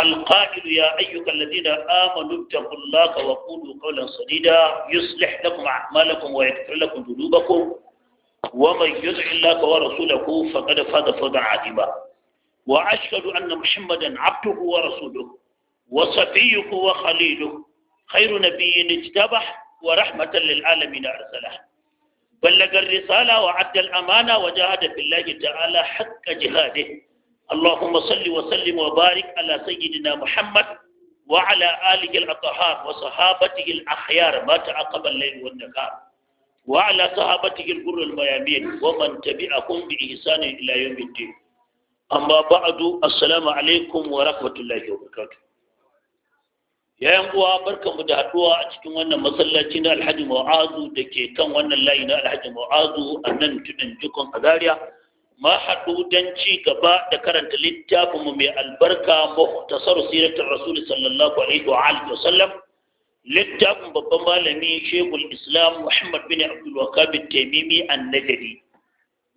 القائل يا أيها الذين آمنوا اتقوا الله وقولوا قولا سديدا يصلح لكم أعمالكم ويغفر لكم ذنوبكم ومن يطع الله ورسوله فقد فاز فوزا عظيما وأشهد أن محمدا عبده ورسوله وصفيه وخليله خير نبي اجتبح ورحمة للعالمين أرسله بلغ الرسالة وعد الأمانة وجاهد في الله تعالى حق جهاده اللهم صل وسلم وبارك على سيدنا محمد وعلى آله الأطهار وصحابته الأخيار ما تعقب الليل والنهار وعلى صحابته الغر الميامين ومن تبعهم بإحسان إلى يوم الدين أما بعد السلام عليكم ورحمة الله وبركاته ya yan uwa barkanmu da haduwa a cikin wannan masallaci na alhaji mu'azu da ke kan wannan layi na alhaji mu'azu a nan tudun jikon a zaria ma haɗu ci gaba da karanta littafinmu mai albarka muhtasar siratul rasul sallallahu alaihi wa sallam littafin babban malami shekul islam muhammad bin abdul wakab taimimi annajari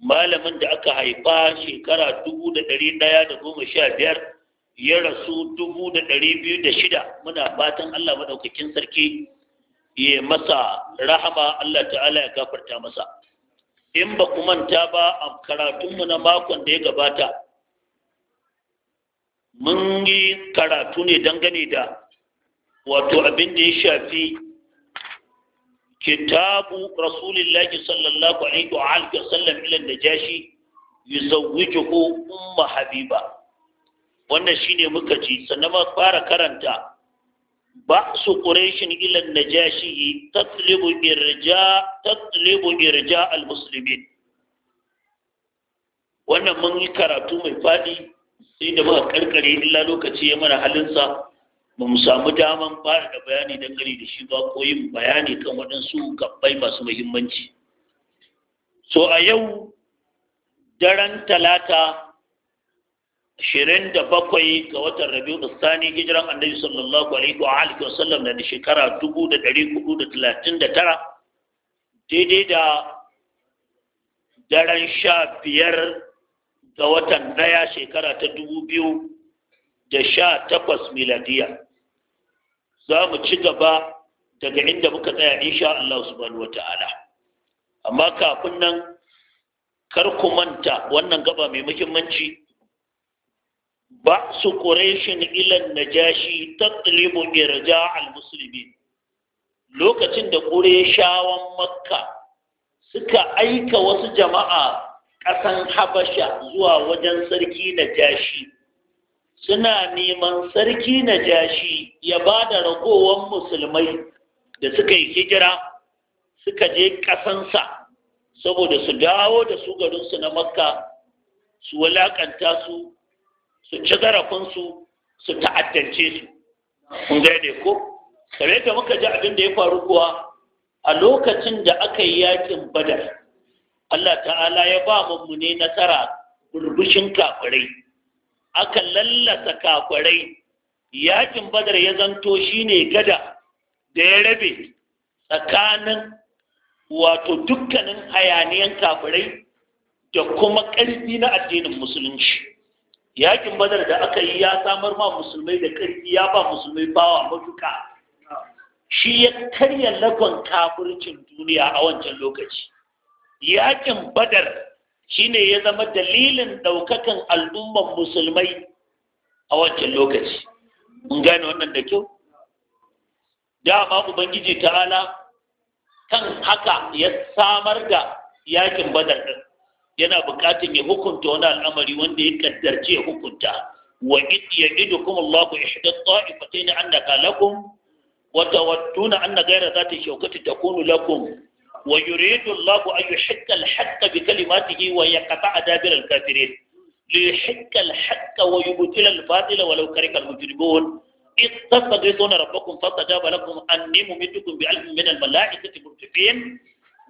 malamin da aka haifa shekara da 1115 ya rasu da shida, muna fatan Allah maɗaukacin sarki ya masa rahama Allah ta'ala ya gafarta masa in ba ku manta ba a karatunmu na makon da ya gabata mun yi karatu ne dangane da wato abin da ya shafi kitabu rasulillahi sallallahu alaihi wa alihi jashi, ila najashi ko umma habiba wannan shine muka ci sannan ma fara karanta بعث قريش إلى النجاشي تطلب إرجاء تطلب إرجاء المسلمين wannan mun yi karatu mai faɗi sai da muka karkare illa lokaci ya mana halin sa, mu samu daman fara da bayani dangane da shi ba ko yin bayani kan waɗansu gabbai masu muhimmanci so a yau daren talata Shirin da bakwai ga watan rabiu tsani hijiran annabi sallallahu alaihi wa alihi wa sallam da shekara 1439 daidai da daren sha biyar ga watan daya shekara ta dubu biyu da sha takwas miladiya za mu ci gaba daga inda muka tsaya insha Allah subhanahu wa ta'ala amma kafin nan kar ku manta wannan gaba mai muhimmanci ba'su quraishin ila najashi tatlibu irja' al-muslimin lokacin da qurayshawan makka suka aika wasu jama'a ƙasan habasha zuwa wajen sarki najashi suna neman sarki najashi ya ba da ragowar musulmai da suka yi hijira suka je ƙasansa saboda su dawo da su garinsu na makka su walakanta su su ci zarafinsu su ta'addance su kun gane ko kare da muka ji abin da ya faru kuwa a lokacin da aka yi yakin badar Allah ta'ala ya ba ne nasara burbushin kafirai aka lallata kafirai yakin badar ya zanto shine gada da ya rabe tsakanin wato dukkanin hayaniyan kafirai da kuma ƙarfi na addinin musulunci yakin badar da aka yi ya samar ma musulmai da ƙarfi ya ba musulmai bawa matuka shi ya karya lakon kafircin duniya a wancan lokaci yakin badar shine ya zama dalilin ɗaukakan al'umman musulmai a wancan lokaci mun gane wannan da kyau dama ubangiji ta'ala kan haka ya samar da yakin badar ɗin yana bukatun ya hukunta wani al'amari wanda ya kaddarce ya hukunta wa ya idu kuma Allah ku ihda ta'ifata ne an daga lakum wa tawattuna anna gaira za ta shaukata ta kunu lakum wa yuridu Allah an yuhiqqa al-haqqa bi kalimatihi wa yaqta'a dabir al-kafirin ليحق الحق ويبطل الباطل ولو كره المجرمون إذ تستغيثون ربكم فاستجاب لكم أني ممدكم بألف من الملائكة مرتفين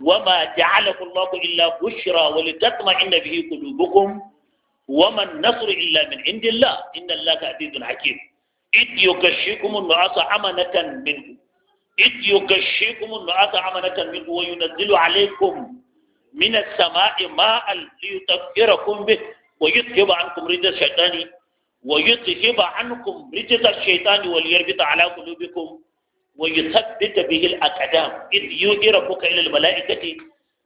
وما جعله الله إلا بشرى ولتطمئن به قلوبكم وما النصر إلا من عند الله إن الله عزيز حكيم إذ يغشيكم النعاس أمنة منه إذ يغشيكم النعاس أمنة منه وينزل عليكم من السماء ماء ليطهركم به ويذهب عنكم رجز الشيطان ويذهب عنكم رجز الشيطان وليربط على قلوبكم wa yuthabbita bihi al-aqdam id yu'ira buka ila al-mala'ikati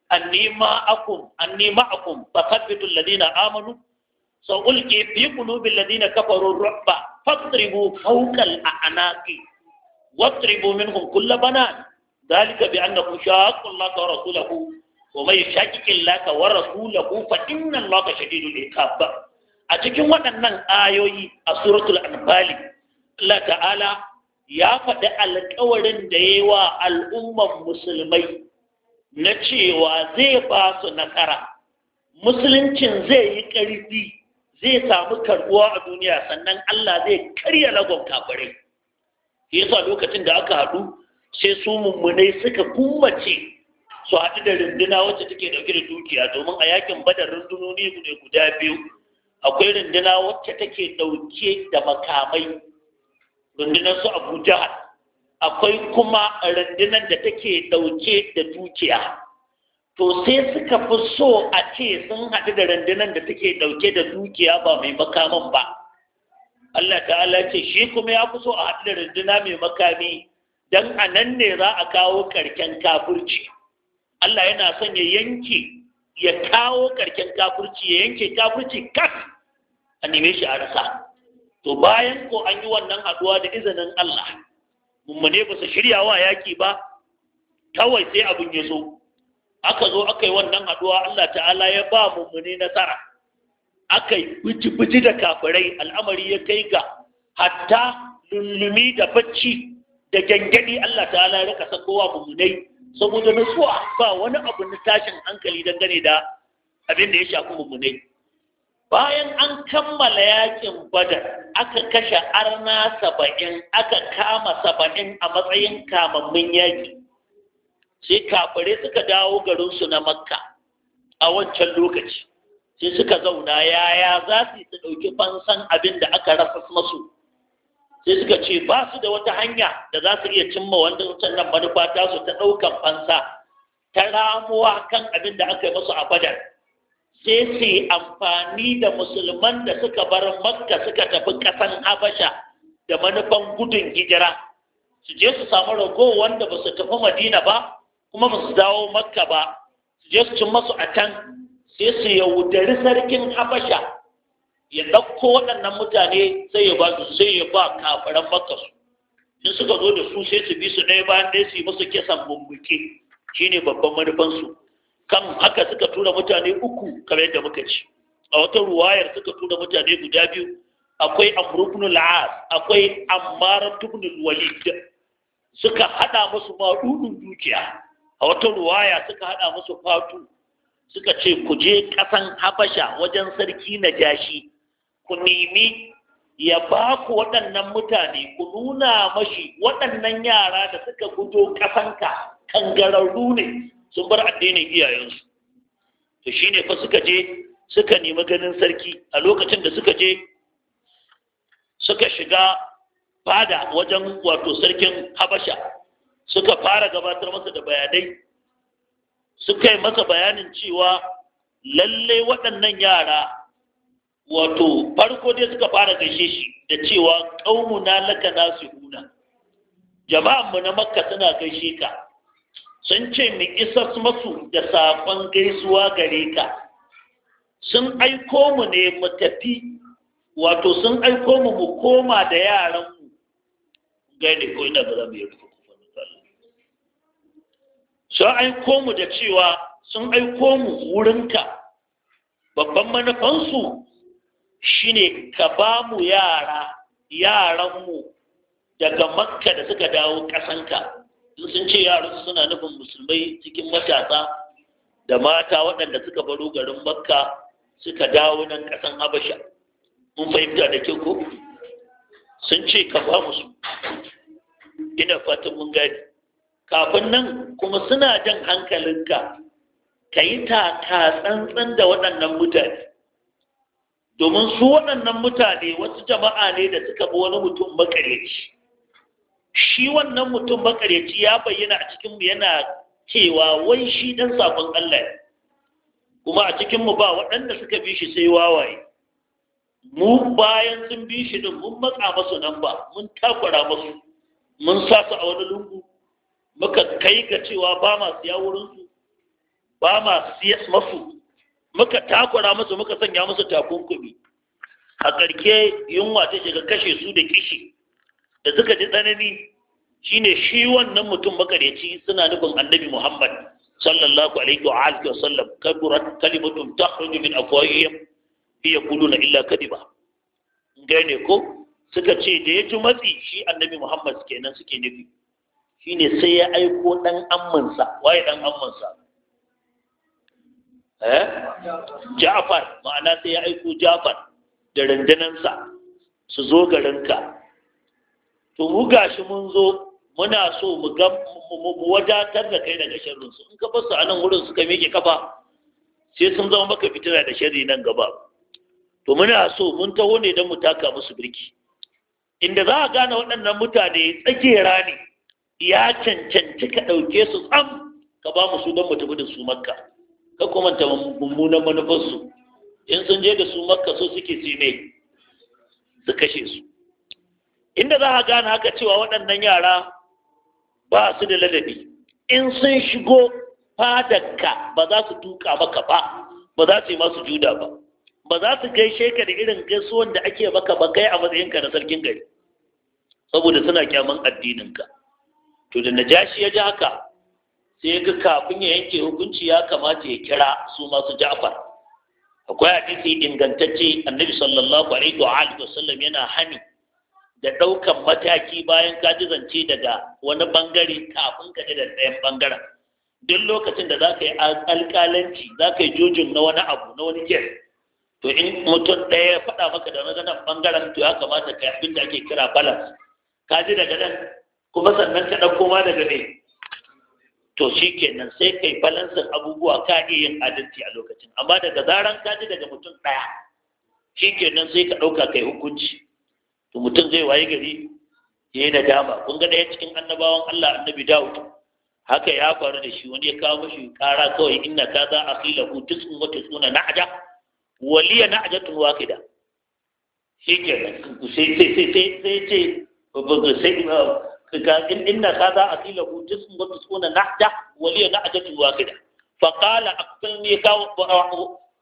anni ma'akum anni ma'akum fathabbitu alladhina amanu sa'ulqi fi qulubi alladhina kafaru ar-ru'ba fadribu fawqa al-a'naqi واضربوا منهم كل بنان ذلك بأنه شاق الله ورسوله ومن يشاكك الله ورسوله فإن الله شديد العقاب أتكلم أن آيوي سورة الأنفال الله تعالى ya faɗi alkawarin da ya yi wa al'umman musulmai na cewa zai ba su nasara musuluncin zai yi ƙarfi zai samu karɓuwa a duniya sannan Allah zai karya lagon kafirai yasa lokacin da aka haɗu sai su mummunai suka kummace su haɗu da runduna wacce take ɗauke da dukiya domin a yakin badar rundunoni ne guda biyu akwai runduna wacce take ɗauke da makamai rundunar su abu jihar akwai kuma rundunar da take ɗauke da dukiya to sai suka fi so a ce sun haɗu da rundunar da take ɗauke da dukiya ba mai makaman ba Allah ta'ala ce shi kuma ya fi so a haɗu da runduna mai makami don a nan ne za a kawo karken kafurci Allah yana son ya yanke ya kawo karken kafurci ya yanke kafurci kas a neme shi a rasa to bayan ko an yi wannan haɗuwa da izinin Allah mummune ba su shirya wa yaƙi ba kawai sai abin ya zo aka zo aka yi wannan haɗuwa Allah ta'ala ya ba mummune nasara aka yi biji da kafirai al'amari ya kai ga hatta lullumi da bacci da gyangyaɗi Allah ta'ala ya raka sakowa mummunai saboda nasuwa ba wani abu na tashin hankali dangane da abin da ya shafi mummunai bayan an kammala yakin badar aka kashe arna saba'in aka kama saba'in a matsayin kamammin yaki sai kafirai suka dawo garinsu na makka a wancan lokaci sai suka zauna yaya za su su ɗauki fansan abin da aka rasa masu sai suka ce ba su da wata hanya da za su iya cimma wanda nan manufa ta su ta ɗaukan fansa ta ramuwa kan abin da aka yi masu a badar sai su amfani da musulman da suka bar makka suka tafi ƙasan habasha da manufan gudun hijira su je su samu rago wanda ba su tafi madina ba kuma ba su dawo makka ba su je su cin masu a can sai su yaudari sarkin habasha ya ɗauko waɗannan mutane sai ya ba su sai ya ba kafiran makka su in suka zo da su sai su bi su ɗaya bayan ɗaya su yi musu kisan bumbuke shine babban manufansu kan haka suka tura mutane uku kamar yadda muka ci a wata ruwayar suka tura mutane guda biyu akwai amrubnu la'as akwai ammar tubnul walid suka hada musu maɗuɗin dukiya a wata ruwaya suka hada musu fatu suka ce ku je ƙasan habasha wajen sarki na jashi ku nemi ya ba ku waɗannan mutane ku nuna mashi waɗannan yara da suka gudo ƙasanka kangararru ne sun bar addinin iyayensu to ne fa suka je suka nemi ganin sarki a lokacin da suka je suka shiga fada wajen wato sarkin habasha suka fara gabatar masa da bayanai suka yi masa bayanin cewa lalle waɗannan yara wato farko dai suka fara gaishe shi da cewa ƙaununa laka nasu huna jama'anmu na makka suna gaishe ka sun ce mu isas masu da saƙon gaisuwa gare ka sun aiko mu ne mu tafi wato sun aiko mu mu koma da yaran mu gane ko ina ba za mu yi sun aiko mu da cewa sun aiko mu wurinka babban manufansu shine ka ba mu yara mu daga makka da suka dawo ƙasanka in sun ce yaran suna nufin musulmai cikin matasa da mata waɗanda suka baro garin makka suka dawo nan ƙasan habasha mun fahimta da kyau ko sun ce ka ba musu ina fatan mun gani kafin nan kuma suna jan hankalinka ka yi taka tsantsan da waɗannan mutane domin su waɗannan mutane wasu jama'a ne da suka bi wani mutum makareci shi wannan mutum makaryaci ya bayyana a cikinmu yana cewa wai shi dan sakon Allah ne kuma a cikinmu ba waɗanda suka bi shi sai wawaye mu bayan sun bi shi din mun matsa musu nan ba mun takura musu, mun sa su a wani lungu muka kai ga cewa ba ma siya su? ba ma siya masu muka takura musu muka sanya musu takunkumi a ƙarke yunwa ta shiga kashe su da kishi da suka ji tsanani shine shi wannan mutum makareci suna nufin annabi Muhammad sallallahu alaihi wa alihi wa sallam kaburat kalimatun takhruju min afwahihim fi yaquluna illa kadiba gane ko suka ce da ya ji matsi shi annabi Muhammad kenan suke nufi shine sai ya aiko dan ammansa waye dan ammansa eh Ja'far ma'ana sai ya aiko Ja'far da randanansa su zo garinka to mu gashi mun zo muna so mu ga mu wadatar da kai daga sharrin su in ka basu a nan wurin suka miƙe kafa sai sun zama maka fitina da sharri nan gaba to muna so mun taho ne don mu taka musu birki inda za a gane waɗannan mutane tsakera ne ya cancanci ka ɗauke su tsam ka ba mu su don mu tafi da su makka ka kuma mummunan manufarsu in sun je da su makka so suke su su kashe su inda za a gane haka cewa waɗannan yara ba su da ladabi in sun shigo fadaka ba za su duka maka ba ba za su yi masu juda ba ba za su gaishe ka da irin gaisuwan da ake maka ba kai a matsayinka na sarkin gari saboda suna kyaman addininka to da najashi ya ji haka sai ga kafin ya yanke hukunci ya kamata ya kira su masu ja'far akwai hadisi ingantacce annabi sallallahu alaihi wa alihi wasallam yana hani da ɗaukan mataki bayan ka ji zance daga wani ɓangare kafin ka ji da ɗayan ɓangaren. duk lokacin da za ka yi alƙalanci za ka yi jujin na wani abu na wani kes to in mutum ɗaya ya faɗa maka da maganar ɓangaren, to ya kamata ka abin da ake kira balas ka ji daga nan kuma sannan ka ɗauko ma daga ne to shi kenan sai ka yi balansin abubuwa ka iya yin adalci a lokacin amma daga zaran ka ji daga mutum ɗaya shi kenan sai ka ɗauka ka yi hukunci to mutum zai waye gari ya yi nadama kun ga ɗaya cikin annabawan Allah annabi Dawud haka ya faru da shi wani ya kawo mashi ƙara kawai inna ka za a kila ku tisun tsuna na na'aja waliya na'ajatun waqida shi ke sai sai sai sai sai ce sai inna ka za a kila ku tisun tsuna na na'aja waliya wa waqida fa qala akwai ne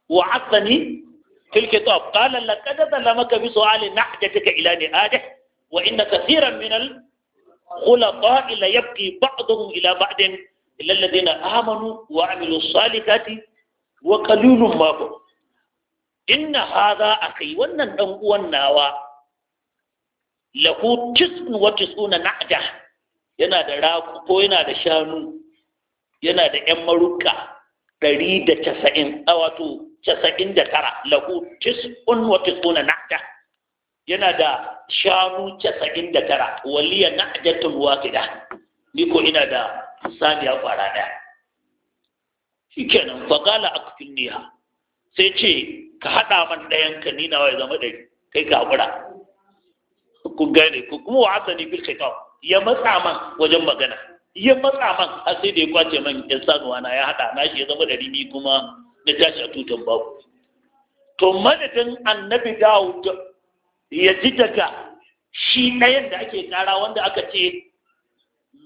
wa asani fil kitab qala laqad ka bi su'ali nahjatika ila ni adih wa inna kaseeran min al khulaqa ila yabqi ba'dhum ila ba'din illa alladhina amanu wa amilus salihati wa qalilun ma hum inna hadha akhi wannan dan uwan nawa lahu tis'un wa tis'una na'ja yana da raku ko yana da shanu yana da 'yan maruka ɗari da casa'in a wato casa'in da tara lahu tis'un wa tis'una na'ja yana da shanu casa'in da tara waliya na'jatun waqida ni ko ina da saniya kwara daya shikenan fa qala aqtilniha sai ce ka hada man dayan ka ni nawa ya zama da kai ka hakura ku gane ku kuma wa'azani bil khitab ya matsa man wajen magana ya matsa man har sai da ya kwace man ya sanuwa na ya hada na shi ya zama ɗari ni kuma na tashi a tutan babu to madadin annabi dawud ya ji daga shi yadda da ake kara wanda aka ce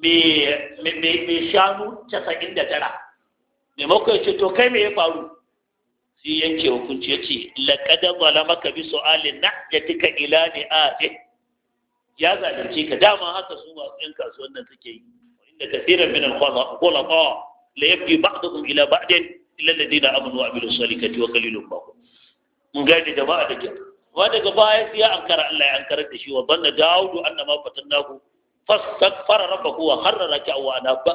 mai shanu casa'in da tara maimakon ya ce to kai me ya faru sai yanke hukunci ya ce laƙada zalamaka bi su'alin na ya tuka ila ne a ya zalunce ka dama haka su masu yan kasuwan nan suke yi inda kasiran min al-khulafa la yabghi ba'dhum ila ba'din illal ladina amanu wa amilus salihati wa qalilun ma hum mun gane jama'a da kyau wa daga baya sai ya ankara Allah ya ankara da shi wa banna daudu annama fatannahu fastaghfara rabbahu wa kharra raka'a wa anaba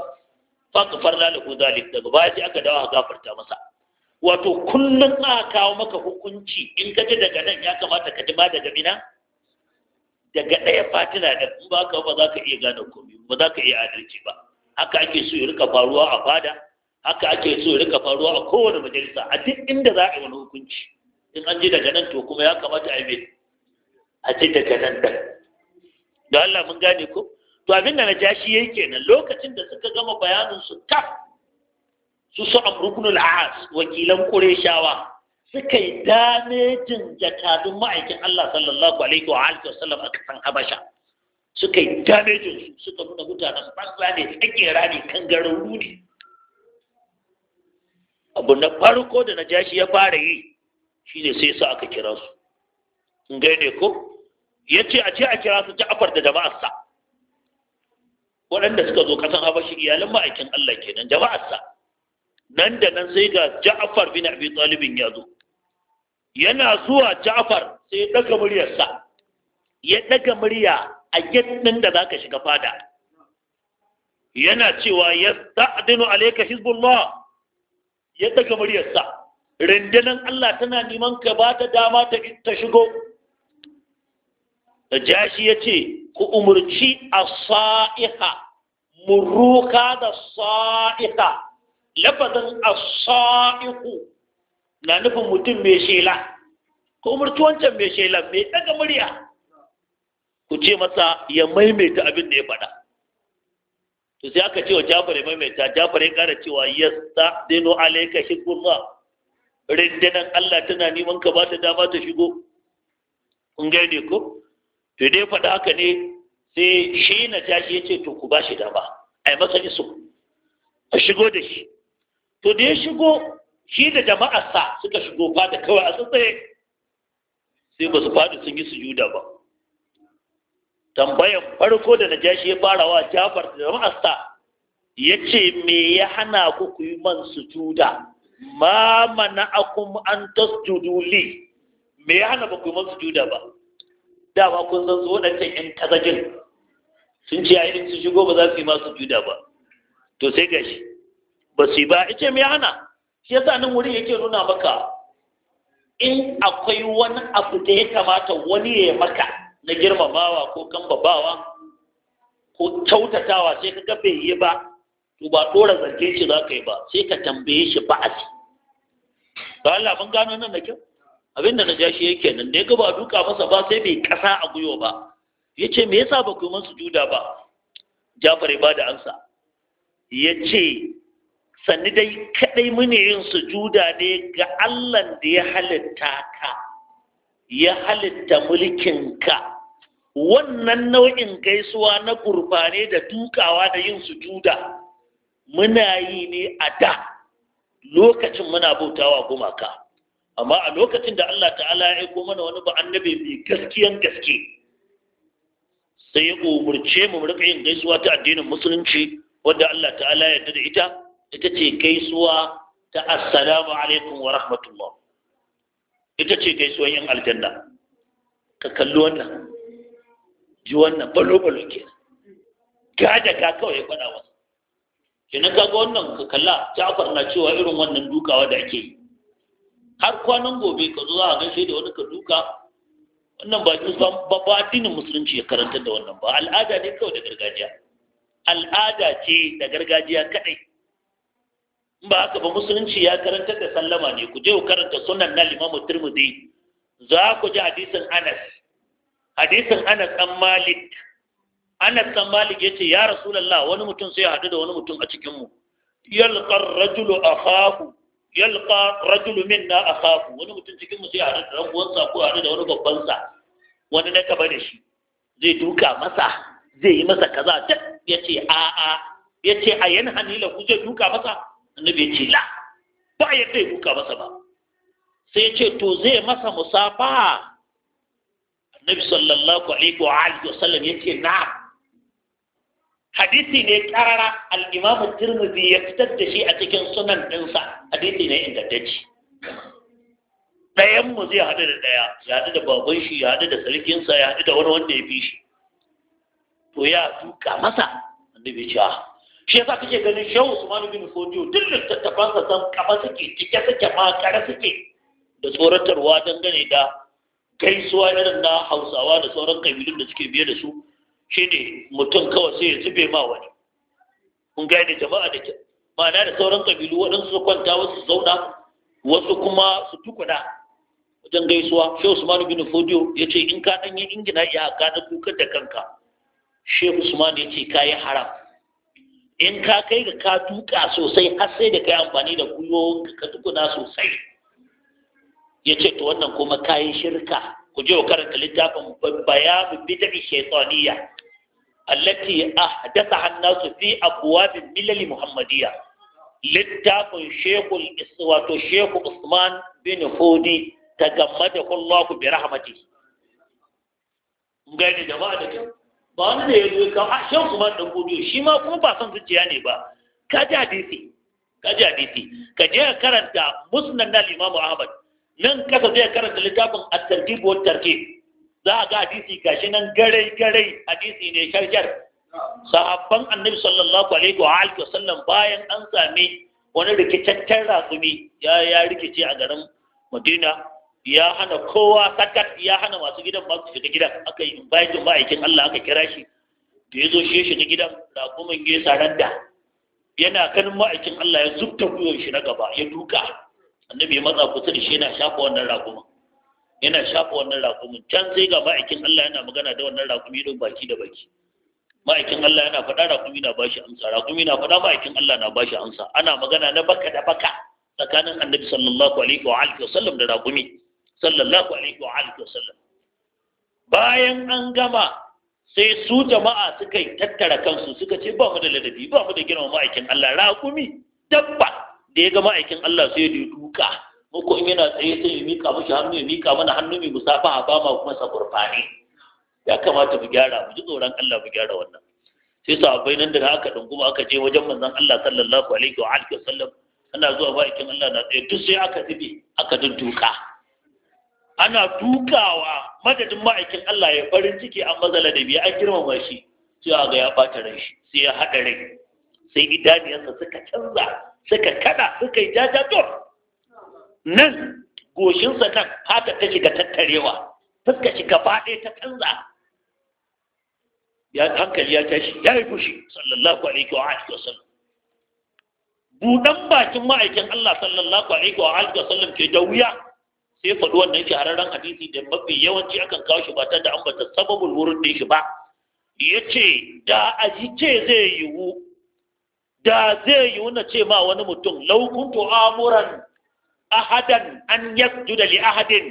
faghfarna lahu dhalik daga baya sai aka dawo gafarta masa wato kullum a kawo maka hukunci in ka ji daga nan ya kamata ka ji ma daga mina daga ɗaya fatina da in ba ka ba za ka iya gane komai ba za ka iya adalci ba haka ake so ya rika faruwa a fada haka ake so ya rika faruwa a kowane majalisa a duk inda za a yi wani hukunci in an ji daga nan to kuma ya kamata a yi a ji daga nan da da Allah mun gane ko to abin da na ja shi yayi kenan lokacin da suka gama bayanin su ta su su amrukun al'as wakilan qurayshawa suka yi damejin jakadun ma'aikin Allah sallallahu alaihi wa alihi wasallam a kasan Habasha suka yi damejin su suka nuna mutanen banza ne ake rani garin rudi abu na farko da na jashi ya fara yi shi ne sai sa aka kira su in ne ko ya ce a ce a kira su ja'afar da jama'arsa waɗanda suka zo ƙasan habashi iyalin ma'aikin Allah kenan jama'arsa nan da nan sai ga ja'afar bin abi talibin ya zo yana zuwa ja'afar sai ya ɗaga muryarsa ya ɗaga murya a yadda da za ka shiga fada yana cewa ya ta'adinu alaika hizbullah ya daga muryarsa rindinan Allah tana neman ka ba ta dama ta shigo da jashi ya ce ku umarci a sa'iha muruka da sa'iha lafazin a sa'iku na nufin mutum mai shela ku umarci wancan mai shela mai daga murya ku ce masa ya maimaita abin da ya faɗa to sai aka cewa wa jafar maimaita jafar ya kara cewa yastadinu alayka shikrullah rindinan Allah tana neman ka ba ta dama ta shigo kun gaide ko to dai faɗa haka ne sai shi na tashi ya ce to ku ba shi dama a yi masa iso a shigo da shi to da ya shigo shi da jama'arsa suka shigo fada kawai a tsaye sai ba su fadi sun yi sujuda ba tambayan farko da na jashi ya fara wa Jafar da ma'asta. Ya ce me ya hana ku ku yi man sujuda ma mana'akum an tasjudu li me ya hana ba ku yi man sujuda ba dama kun san su waɗancan ƴan kazajin sun ce yayin su shigo ba za su yi ma sujuda ba to sai gashi ba su yi ba ce me ya hana shi sa nan wurin yake nuna maka in akwai wani abu da ya kamata wani ya yi maka na girmamawa ko kambabawa ko kyautatawa sai ka gafe yi ba to ba tsora zargin shi za ka yi ba sai ka tambaye shi ci ba Allah mun gano nan da kyau abinda na ja shi yake nan da ya gaba ba duka masa ba sai bai kasa a gwiwa ba ya ce me yasa ba ku yi juda ba Jafar ba da ansa ya ce sanni dai kadai mune yin su juda ne ga Allahn da ya halitta ka ya halitta mulkin ka. wannan nau'in gaisuwa na ƙurfane da dukawa da yin sujuda muna yi ne a da lokacin muna bautawa gumaka amma a lokacin da Allah ta'ala ya aiko mana wani ba annabi mai gaskiyan gaske sai ya umurce mu mu yin gaisuwa ta addinin musulunci wanda Allah ta'ala ya yarda da ita ita ce gaisuwa ta assalamu alaikum wa rahmatullah ita ce gaisuwan yan aljanna ka kalli wannan ji wannan balo-balo ke. gada ka kawai ya faɗa ke kenan kaga wannan ka kalla ja'far cewa irin wannan dukawa da ake yi har kwanan gobe ka zo za a gaishe da wani ka duka wannan ba ba ba addinin musulunci ya karantar da wannan ba al'ada ne kawai da gargajiya al'ada ce da gargajiya kadai in ba haka ba musulunci ya karantar da sallama ne ku je ku karanta sunan na limamu turmudi za ku ji hadisin anas hadisin anas Dan malik anas Dan malik yace ya rasulullah wani mutum sai ya hadu da wani mutum a cikin mu yalqa rajulu akhahu yalqa rajulu minna akhahu wani mutum cikin mu sai ya hadu da ran uwansa ko hadu da wani babban sa wani na kaba da shi zai duka masa zai yi masa kaza Ya yace a a yace a yan hanila ku zai duka masa annabi yace la ba yadda ya duka masa ba sai ya ce to zai masa musafa nabi sallallahu alaihi wa alihi wasallam yace na hadisi ne karara al-imam tirmidhi ya fitar da shi a cikin sunan dinsa hadisi ne ingantacce ɗayan mu zai haɗu da ɗaya ya haɗu da baban shi ya haɗu da sa ya haɗu da wani wanda ya fi shi to ya duka masa annabi ce ah. shi yasa kake ganin shehu usman bin fodiyo duk littattafansa san kafa suke cike suke ma kare suke da tsoratarwa dangane da gaisuwa irin na hausawa da sauran kabilun da suke biye da su shi ne mutum kawai sai ya zube ma wani kun gane jama'a da ma'ana da sauran kabilu waɗansu su kwanta wasu zauna wasu kuma su tukuna wajen gaisuwa shi usman bin fodiyo ya ce in ka ɗan yi ingina ya ka ɗan kukar da kanka shi usman ya ce ka yi haram in ka kai ga ka duka sosai har sai da ka yi amfani da gwiwowinka ka tukuna sosai ya ce to wannan kuma kayan shirka ku je karanta littafin bayanu bid'i shaytaniyya allati ahdatha an-nasu fi abwab milal muhammadiyya littafin shekul wato sheku usman bin hudi tagammadahu Allah bi rahmatihi gani jama'a da ba wani da ya zo ka a shan kuma dan godiyo shi ma kuma ba san zuciya ne ba ka ji hadisi ka ji hadisi ka je ka karanta musnad na Imam Ahmad nan kasa zai karanta littafin at-tartib wa za a ga hadisi gashi nan garai garai hadisi ne sharjar sahabban annabi sallallahu alaihi wa alihi wasallam bayan an sami wani rikitaccen rasumi ya ya rikice a garin Madina ya hana kowa sakat ya hana masu gidan ba su shiga gidan aka yi bayan ma'aikin Allah aka kira shi da ya zo shi ya shiga gidan rakumin ya saranda yana kan ma'aikin Allah ya zubta gwiwar shi na gaba ya duka annabi ya matsa kusa da shi yana shafa wannan raƙumin yana shafa wannan raƙumin can sai ga ma'aikin Allah yana magana da wannan raƙumi don baki da baki ma'aikin Allah yana faɗa raƙumi na bashi amsa raƙumi na faɗa ma'aikin Allah na bashi amsa ana magana na baka da baka tsakanin annabi sallallahu alaihi wa alihi wa sallam da raƙumi sallallahu alaihi wa alihi wa sallam bayan an gama sai su jama'a suka yi tattara kansu suka ce ba mu da ladabi ba mu da girma ma'aikin Allah raƙumi dabba da ya ga ma'aikin Allah sai ya duka muku in yana tsaye sai ya mika mashi hannu ya mika mana hannu mai musafaha ba bama kuma saburfani ya kamata mu gyara mu ji tsoron Allah mu gyara wannan sai sahabbai nan da aka dunguma aka je wajen manzon Allah sallallahu alaihi wa alihi wasallam ana zuwa ma'aikin Allah na tsaye duk sai aka tibi aka duka ana dukawa madadin ma'aikin Allah ya farin ciki an mazala da biya an girmama shi sai ga ya bata ran shi sai ya hada rai sai idaniyarsa suka canza suka kada suka yi jajator nan goshinsa kan fata ta shiga tattarewa fuska shi gaba ɗaya ta canza ya hankali ya tashi ya yi fushi sallallahu alaihi wa alihi wa sallam budan bakin ma'aikin Allah sallallahu alaihi wa alihi wa sallam ke da wuya sai faɗi wannan shahararren hadisi da mafi yawanci akan kawo shi ba ta da ambata sababul wurin shi ba yace da aji ce zai yiwu da zai yi wuna ce ma wani mutum laukuntu amuran ahadan an yasjuda li ahadin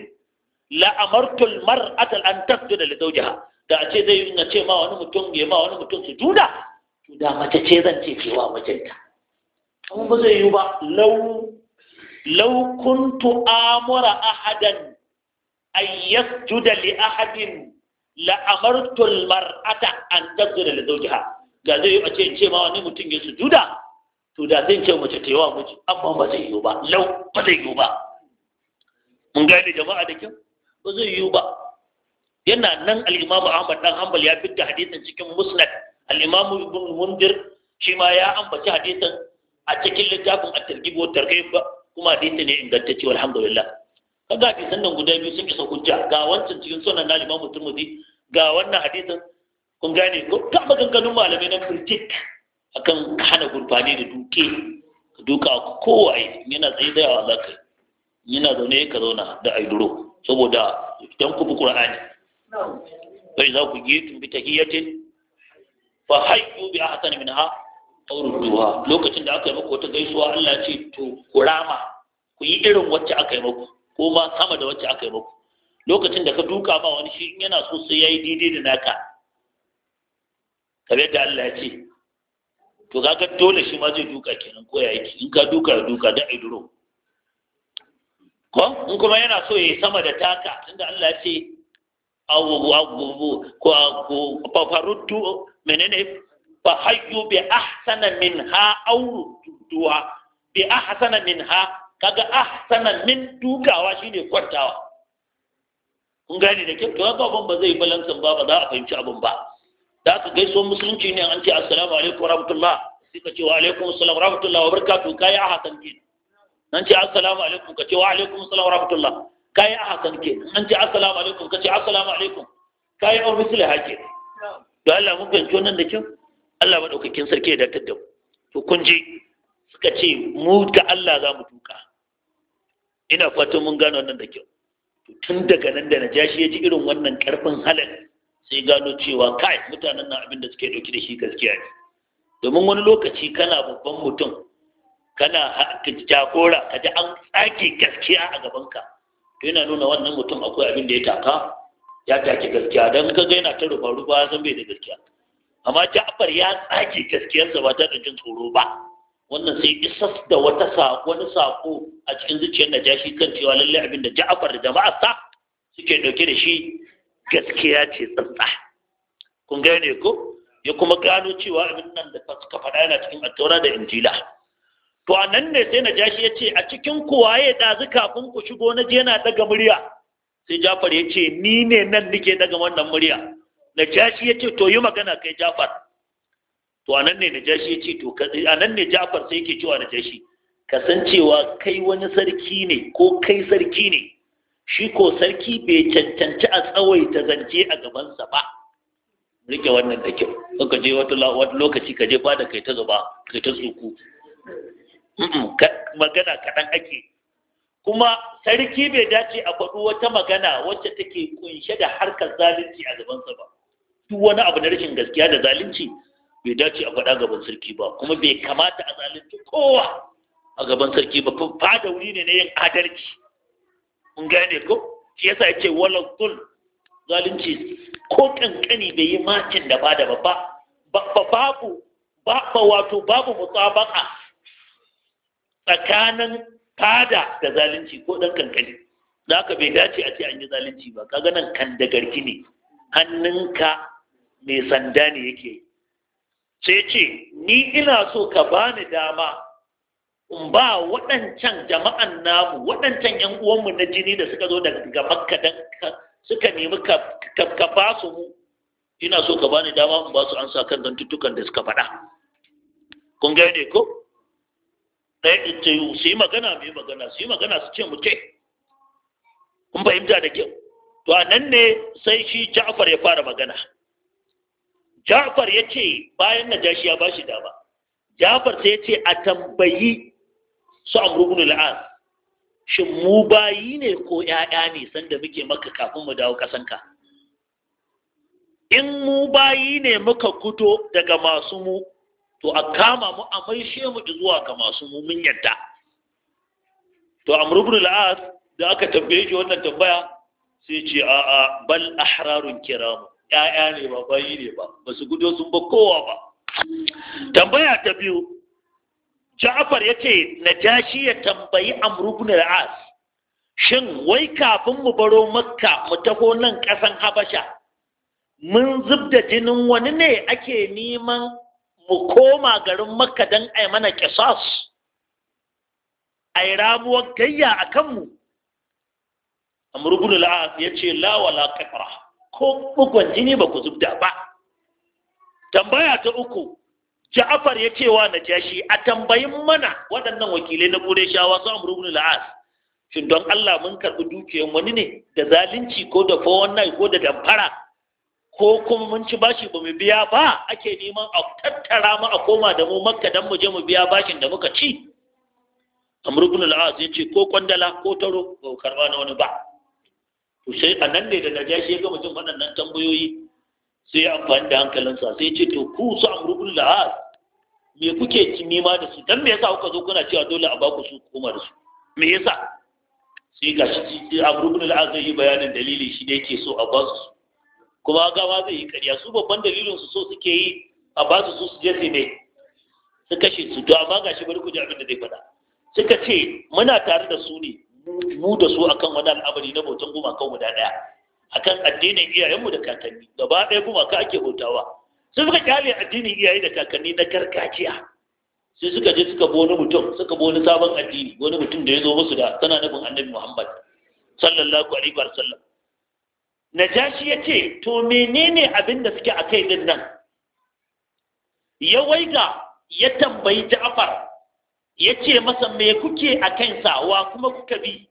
la amartu almar'ata an tasjuda li zawjiha da a ce zai yi wuna ce ma wani mutum ya ma wani mutum sujuda to da mace ce zan ce cewa mijinta amma ba zai yi ba lau lau amura ahadan an yasjuda li ahadin la amartu almar'ata an tasjuda li zawjiha Ga zai yi a ce in ce ma wani mutum ya sujuda to da zai ce mace ta yi wa miji amma ba zai yiwu ba lau ba zai yiwu ba mun gane jama'a da kyau ba zai yiwu ba yana nan al'imamu Ahmad dan Hanbal ya fitta hadisin cikin Musnad al'imamu Ibn Mundir shi ma ya ambaci hadisin a cikin littafin at-targhib wa ba kuma hadisi ne ingantacce alhamdulillah kaga hadisan nan guda biyu sun isa hujja ga wancan cikin sunan na imamu turmudi ga wannan hadisin kun gane ko ta maganganun malamai na kritik akan hana gurfani da duke ka duka yi yana tsaye da yawa za ka yi yana zaune ka zauna da aiduro saboda don ku bi ne. sai za ku yi bi tahiyatin fa hayyu bi min ha aw duwa lokacin da aka yi mako wata gaisuwa Allah ce to ku rama ku yi irin wacce aka yi mako, ko ma sama da wacce aka yi mako. lokacin da ka duka ba wani shi yana so sai yi daidai da naka kamar da Allah ya ce to kaga dole shi ma zai duka kenan ko ya yi in ka duka ya duka da iduro ko in kuma yana so ya sama da taka tunda Allah ya ce awu awu ko ko faruddu menene fa hayyu bi ahsana minha aw duwa bi ahsana minha kaga ahsana min dukawa shine kwartawa kun gane da kyau to ban ba zai balansan ba ba za a fahimci abin ba da aka gaiso musulunci ne an ce assalamu alaikum wa rahmatullah sai ka ce wa alaikum assalam rahmatullah wa barakatuh kai a hakan ke an ce assalamu alaikum ka ce wa alaikum assalam rahmatullah kai a hakan ke an ce assalamu alaikum ka ce assalamu alaikum kai a misali hake to Allah mun fahimci wannan da kyau Allah madaukakin sarki ya da tadda to kun ji suka ce mu ga Allah za mu duka ina fatan mun gano wannan da kyau tun daga nan da najashi ya ji irin wannan karfin halin sai gano cewa kai mutanen nan abin da suke ɗauki da shi gaskiya ne domin wani lokaci kana babban mutum kana jagora ka ji an tsage gaskiya a gabanka to yana nuna wannan mutum akwai abin da ya taka ya take gaskiya don ka ga yana ta rufa rufa san bai da gaskiya amma Ja'far ya tsage gaskiyarsa ba ta da jin tsoro ba wannan sai isas da wata wani sako a cikin zuciyar na Najashi kan cewa lallai abin da Ja'far da jama'arsa suke ɗauke da shi gaskiya ce tsantsa kun gane ko ya kuma gano cewa abin nan da suka faɗa yana cikin attaura da injila to a nan ne sai najashi ya ce a cikin kuwa ya ɗazu kafin ku shigo na je na daga murya sai jafar ya ce ni ne nan nike daga wannan murya najashi ya ce to yi magana kai jafar to a nan ne najashi ya ce to a nan ne jafar sai yake cewa najashi kasancewa kai wani sarki ne ko kai sarki ne shi ko sarki bai cancanci a tsawaita zance a gabansa ba rike wannan da kyau ka je wata lokaci ka je bada kai ta zuba kai ta tsuku magana kaɗan ake kuma sarki bai dace a faɗi wata magana wacce take kunshe da harkar zalunci a gabansa ba duk wani abu na rashin gaskiya da zalunci bai dace a faɗa gaban sarki ba kuma bai kamata a zalunci kowa a gaban sarki ba da wuri ne na yin adalci mun gane ko shi yasa yace wala zul zalunci ko kankani bai yi macin da ba da ba babu ba wato babu mutabaka tsakanin fada da zalunci ko dan kankani da aka bai dace a ce an yi zalunci ba kaga nan kan da garki ne hannunka mai sanda ne yake sai ce ni ina so ka bani dama in ba waɗancan jama'an namu waɗancan ‘yan uwanmu na jini da suka zo daga makka dan suka nemi ka ba su mu ina so ka bani dama in ba su an sa kan zantuttukan da suka faɗa kun ga ne ko ɗaya ta yi su yi magana mai magana su yi magana su ce mu ce kun fahimta da kyau to a nan ne sai shi ja'far ya fara magana ja'far ya ce bayan najashi ya ba shi dama ja'far sai ya ce a tambayi su amru ibn al shin mu bayi ne ko ‘ya'ya ne sanda muke maka kafin mu dawo ƙasanka in mu bayi ne muka kuto daga masu mu to a kama mu a maishe mu zuwa ga masu mu mun yadda to amru ibn da aka tambaye shi wannan tambaya sai ce a a bal ahrarun kiram ‘ya'ya ne ba bayi ne ba ba su gudo sun ba kowa ba tambaya ta biyu Ja'far yace Najashi ya tambayi Amr ibn al-As shin wai kafin mu baro Makka mu taho nan ƙasan Habasha mun zubda jinin wani ne ake neman mu koma garin Makka dan ai mana kisas ai ramuwar gayya a kanmu Amr ibn as yace la wala kafara, ko bugon jini ba ku zubda ba tambaya ta uku Ja'far ya cewa na jashi a tambayin mana waɗannan wakilai na Qurayshawa su Amr ibn al-As shin don Allah mun karɓi dukiyar wani ne da zalunci ko da wannan ko da damfara ko kuma mun ci bashi ba mu biya ba ake neman a tattara mu a koma da mu Makka dan mu je mu biya bashin da muka ci Amr ibn al ya ce ko kwandala ko taro ba karba na wani ba to sai a nan ne da Najashi ya ga mutum waɗannan tambayoyi sai ya amfani da hankalinsa sai ya ce to ku su Amr ibn al me kuke nima da su dan me yasa kuka zo kuna cewa dole a baku su kuma da su me yasa sai ga shi Abu Ibn al zai bayanin dalili shi da yake so a ba su kuma ga ma zai yi ƙarya su babban dalilin su so suke yi a ba su su je su ne su kashe su to amma gashi bari ku ji abin da zai faɗa suka ce muna tare da su ne mu da su akan wani al'amari na bautan gumakan guda ɗaya akan addinin iyayenmu da kakanni gaba ɗaya gumaka ake bautawa Su suka kyale addinin iyaye da kakanni na gargajiya sai suka je suka bi wani mutum suka sabon addini wani mutum da ya zo musu da tana nufin annabi muhammad sallallahu alaihi wa sallam najashi ya ce to menene abin da suke a kai din nan ya waiga ya tambayi ja'far ya ce masa me kuke a kansa wa kuma kuka bi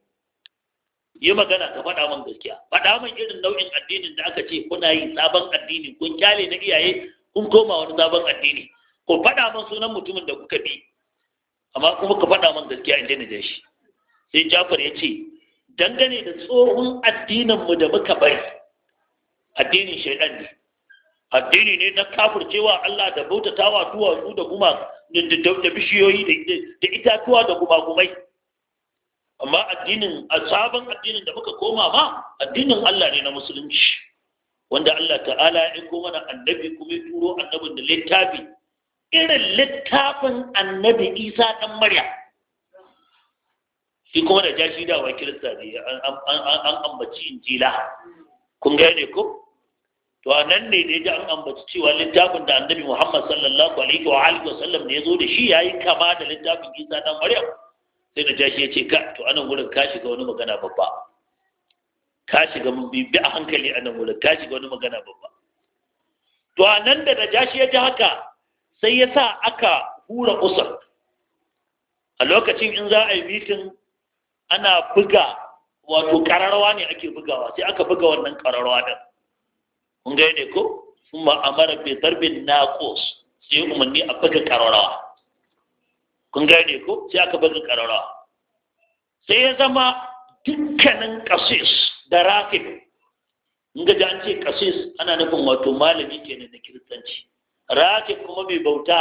yi magana ka faɗa man gaskiya faɗa min irin nau'in addinin da aka ce kuna yi sabon addini kun kyale na iyaye kun koma wani sabon addini ko faɗa min sunan mutumin da kuka bi amma kuma ka faɗa min gaskiya in daina shi sai jafar ya ce dangane da tsohon addininmu da muka bari addinin shaidan ne addini ne na kafircewa Allah da bautatawa duwatsu da kuma da bishiyoyi da itatuwa da gumagumai amma addinin a sabon addinin da muka koma ma addinin Allah ne na musulunci wanda Allah ta'ala ya aiko mana annabi kuma ya turo annabin da littafi irin littafin annabi Isa dan Maryam shi kuma da jashi wa kirista ne an ambaci injila kun gane ko to a nan ne da ya ji an ambaci cewa littafin da annabi Muhammad sallallahu alaihi wa alihi wa sallam da ya zo da shi yayi kama da littafin Isa dan Maryam sai na jashi ya ce ka to anan gurin ka shiga wani magana babba ka shiga mun bi bi a hankali anan gurin ka shiga wani magana babba to a nan da na jashi ya ji haka sai ya sa aka hura usar a lokacin in za a yi mitin ana buga wato kararwa ne ake bugawa sai aka buga wannan kararwa din kun ga ne ko sun amara bai zarbin naqos sai umarni a buga kararwa kun gane ko sai aka bazu karara sai ya zama dukkanin kasis da rafin in ga an ce kasis ana nufin wato malami kenan na kiristanci rafin kuma mai bauta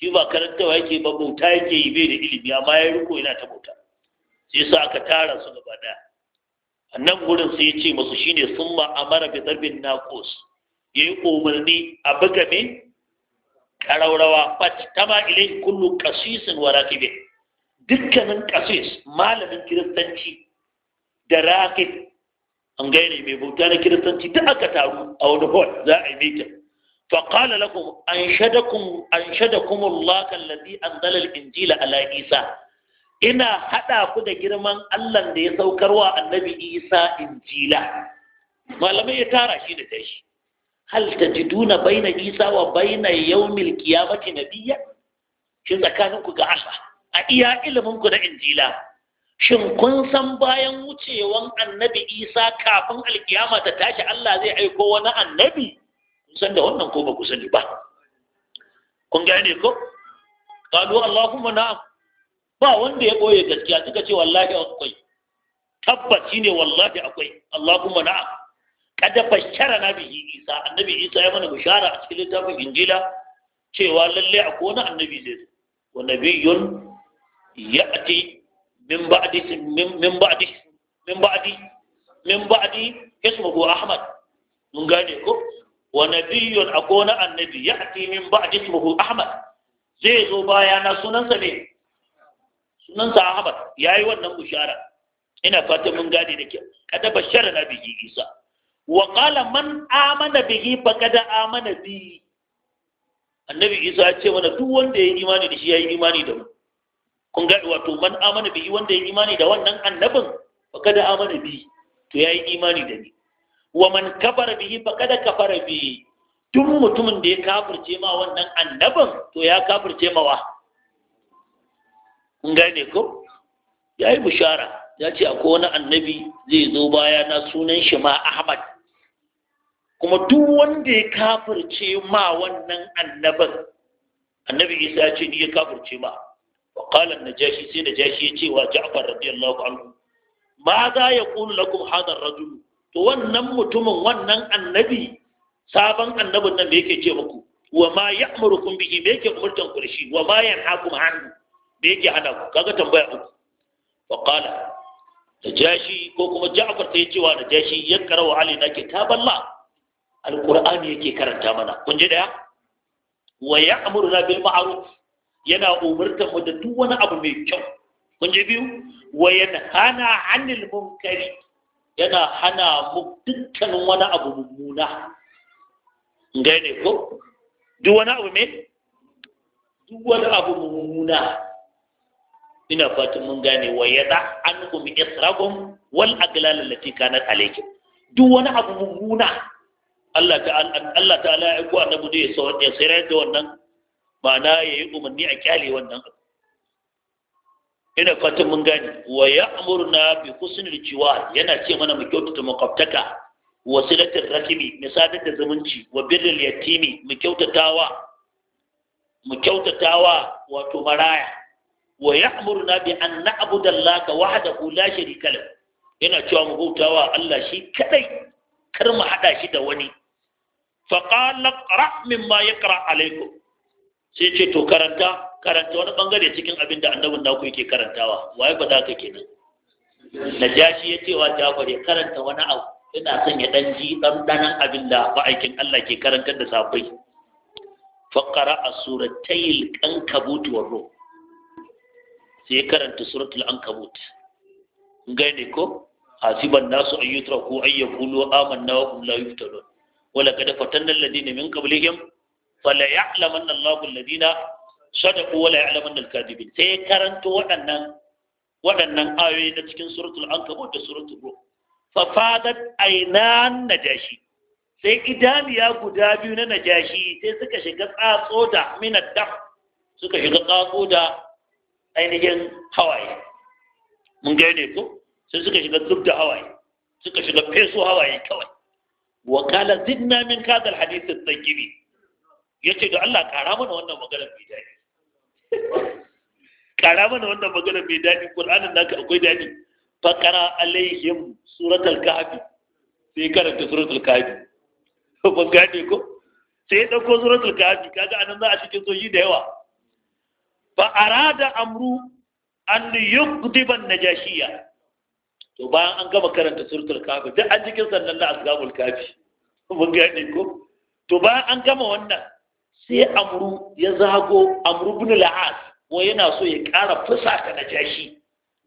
shi ba karantawa yake ba bauta yake yi bai da ilimi amma ya riko yana ta bauta sai sa aka tara su gaba daya a nan gurin sai ya ce masu shine sun ma'amara bi zarbin ya yi umarni a buga mai karaurawa bace ta ma ilai kullu kasisin wa rakibin dukkanin kasis malamin kiristanci da rakib an gaine mai bauta na kiristanci ta aka taru a wani hall za a yi mita fa qala lakum anshadakum anshadakum Allah kallazi anzala al-injil ala Isa ina haɗa ku da girman Allah da ya saukar wa annabi Isa injila malamai ya tara shi da tashi hal tajiduna baina isa wa baina yawmil qiyamati nabiyya shin tsakaninku ga Allah a iya ilimin ku na injila shin kun san bayan wucewan annabi isa kafin alkiyama ta tashi Allah zai aiko wani annabi kun san da wannan ko ba ku sani ba kun gane ko qalu allahumma na'am ba wanda ya ɓoye gaskiya suka ce wallahi akwai tabbaci ne wallahi akwai allahumma na'am kada bashara na bihi isa annabi isa ya mana bishara a cikin littafin injila cewa lalle akwai wani annabi zai zo wa nabiyyun ya'ti min ba'di min ba'di min ba'di min ba'di ismuhu ahmad mun gane ko wa nabiyun akwai wani annabi ya'ti min ba'di ismuhu ahmad zai zo baya na sunansa ne sunansa ahmad yayi wannan bishara ina fatan mun gane da kyau kada bashara na bihi isa وقال من man به bihi آمن amana annabi isa ya ce mana duk wanda ya yi imani da shi ya yi imani da mu kun ga wato man amana bihi wanda ya yi imani da wannan annabin kada amana bi to ya yi imani da ni wa man kafara bihi kada kafara bi duk mutumin da ya kafirce ma wannan annabin to ya kafirce ma wa kun gane ko ya yi bishara ya ce akwai wani annabi zai zo baya na sunan shi ma ahmad kuma duk wanda ya kafirce ma wannan annabin annabi isa ya ce ni ya kafirce ma wa qala najashi sai najashi ya ce wa ja'far radiyallahu anhu ma za ya qulu lakum hadha ar-rajul to wannan mutumin wannan annabi sabon annabin nan da yake ce muku wa ma ya'murukum bihi me yake umurtan ku da wa ma yanhaakum anhu me yake hana ku kaga tambaya uku wa qala najashi ko kuma ja'far sai ya ce wa najashi ya karawa ali na kitaballah alqur'ani yake karanta mana kun ji daya wa ya'muruna bil ma'ruf yana umurta mu da duk wani abu mai kyau kun ji biyu wa yanhana 'anil munkari yana hana mu dukkan wani abu mummuna gane ko duk wani abu mai duk wani abu mummuna ina fatan mun gane wa yada an kum israkum wal aglal lati kanat alaykum duk wani abu mummuna Allah ta'ala ya aiko annabi da ya sayar da wannan ma'ana ya yi umarni a kyale wannan ina fatan mun gani wa ya'muruna bi husnil jiwar yana ce mana mu kyautata makwabtaka wa silatir rahimi mu da zumunci wa birril yatimi mu kyautatawa mu kyautatawa wato maraya wa ya'muruna bi an na'budu allaha wahdahu la sharika lahu yana cewa mu bautawa Allah shi kadai kar mu hada shi da wani faƙala ƙara min ma ya ƙara alaikum sai ce to karanta karanta wani ɓangare cikin abin da annabin naku yake karantawa waye ba za ka kenan najashi ya ce wa jafar ya karanta wani abu ina son ya ɗan ji ɗanan abin da ma'aikin Allah ke karantar da safai faƙara a suratayil ƙankabutu wa ro sai karanta suratul ankabut gane ko hasiban nasu ayyutra ko ayyakulu amanna wa hum ولقد فتنا الذين من قبلهم فلا يعلمن الله الذين صدقوا ولا يعلمن الكاذبين sai karanto waɗannan waɗannan ayoyi na cikin suratul ankabut da suratul ruh fa fadat aynan najashi sai idaniya guda biyu na najashi sai suka shiga tsatso da minad dam suka shiga tsatso da ainihin hawaye mun gane ko sai suka shiga zub da hawaye suka shiga feso hawaye kawai wa qala zidna min hadha alhadith at-tayyib yace da Allah kara mana wannan magana mai dadi kara mana wannan magana mai dadi Qur'anin naka akwai dadi faqara alaihim suratul kahf sai karanta suratul kahf ban gane ko sai ya dauko suratul kahf kaga anan za a cikin soji da yawa fa arada amru an yuqdiban najashiya to bayan an gama karanta surtul kafi duk an cikin sannan na asgabul kafi mun gani ko to bayan an gama wannan sai amru ya zago amru ibn al-as ko yana so ya ƙara fusata na jashi,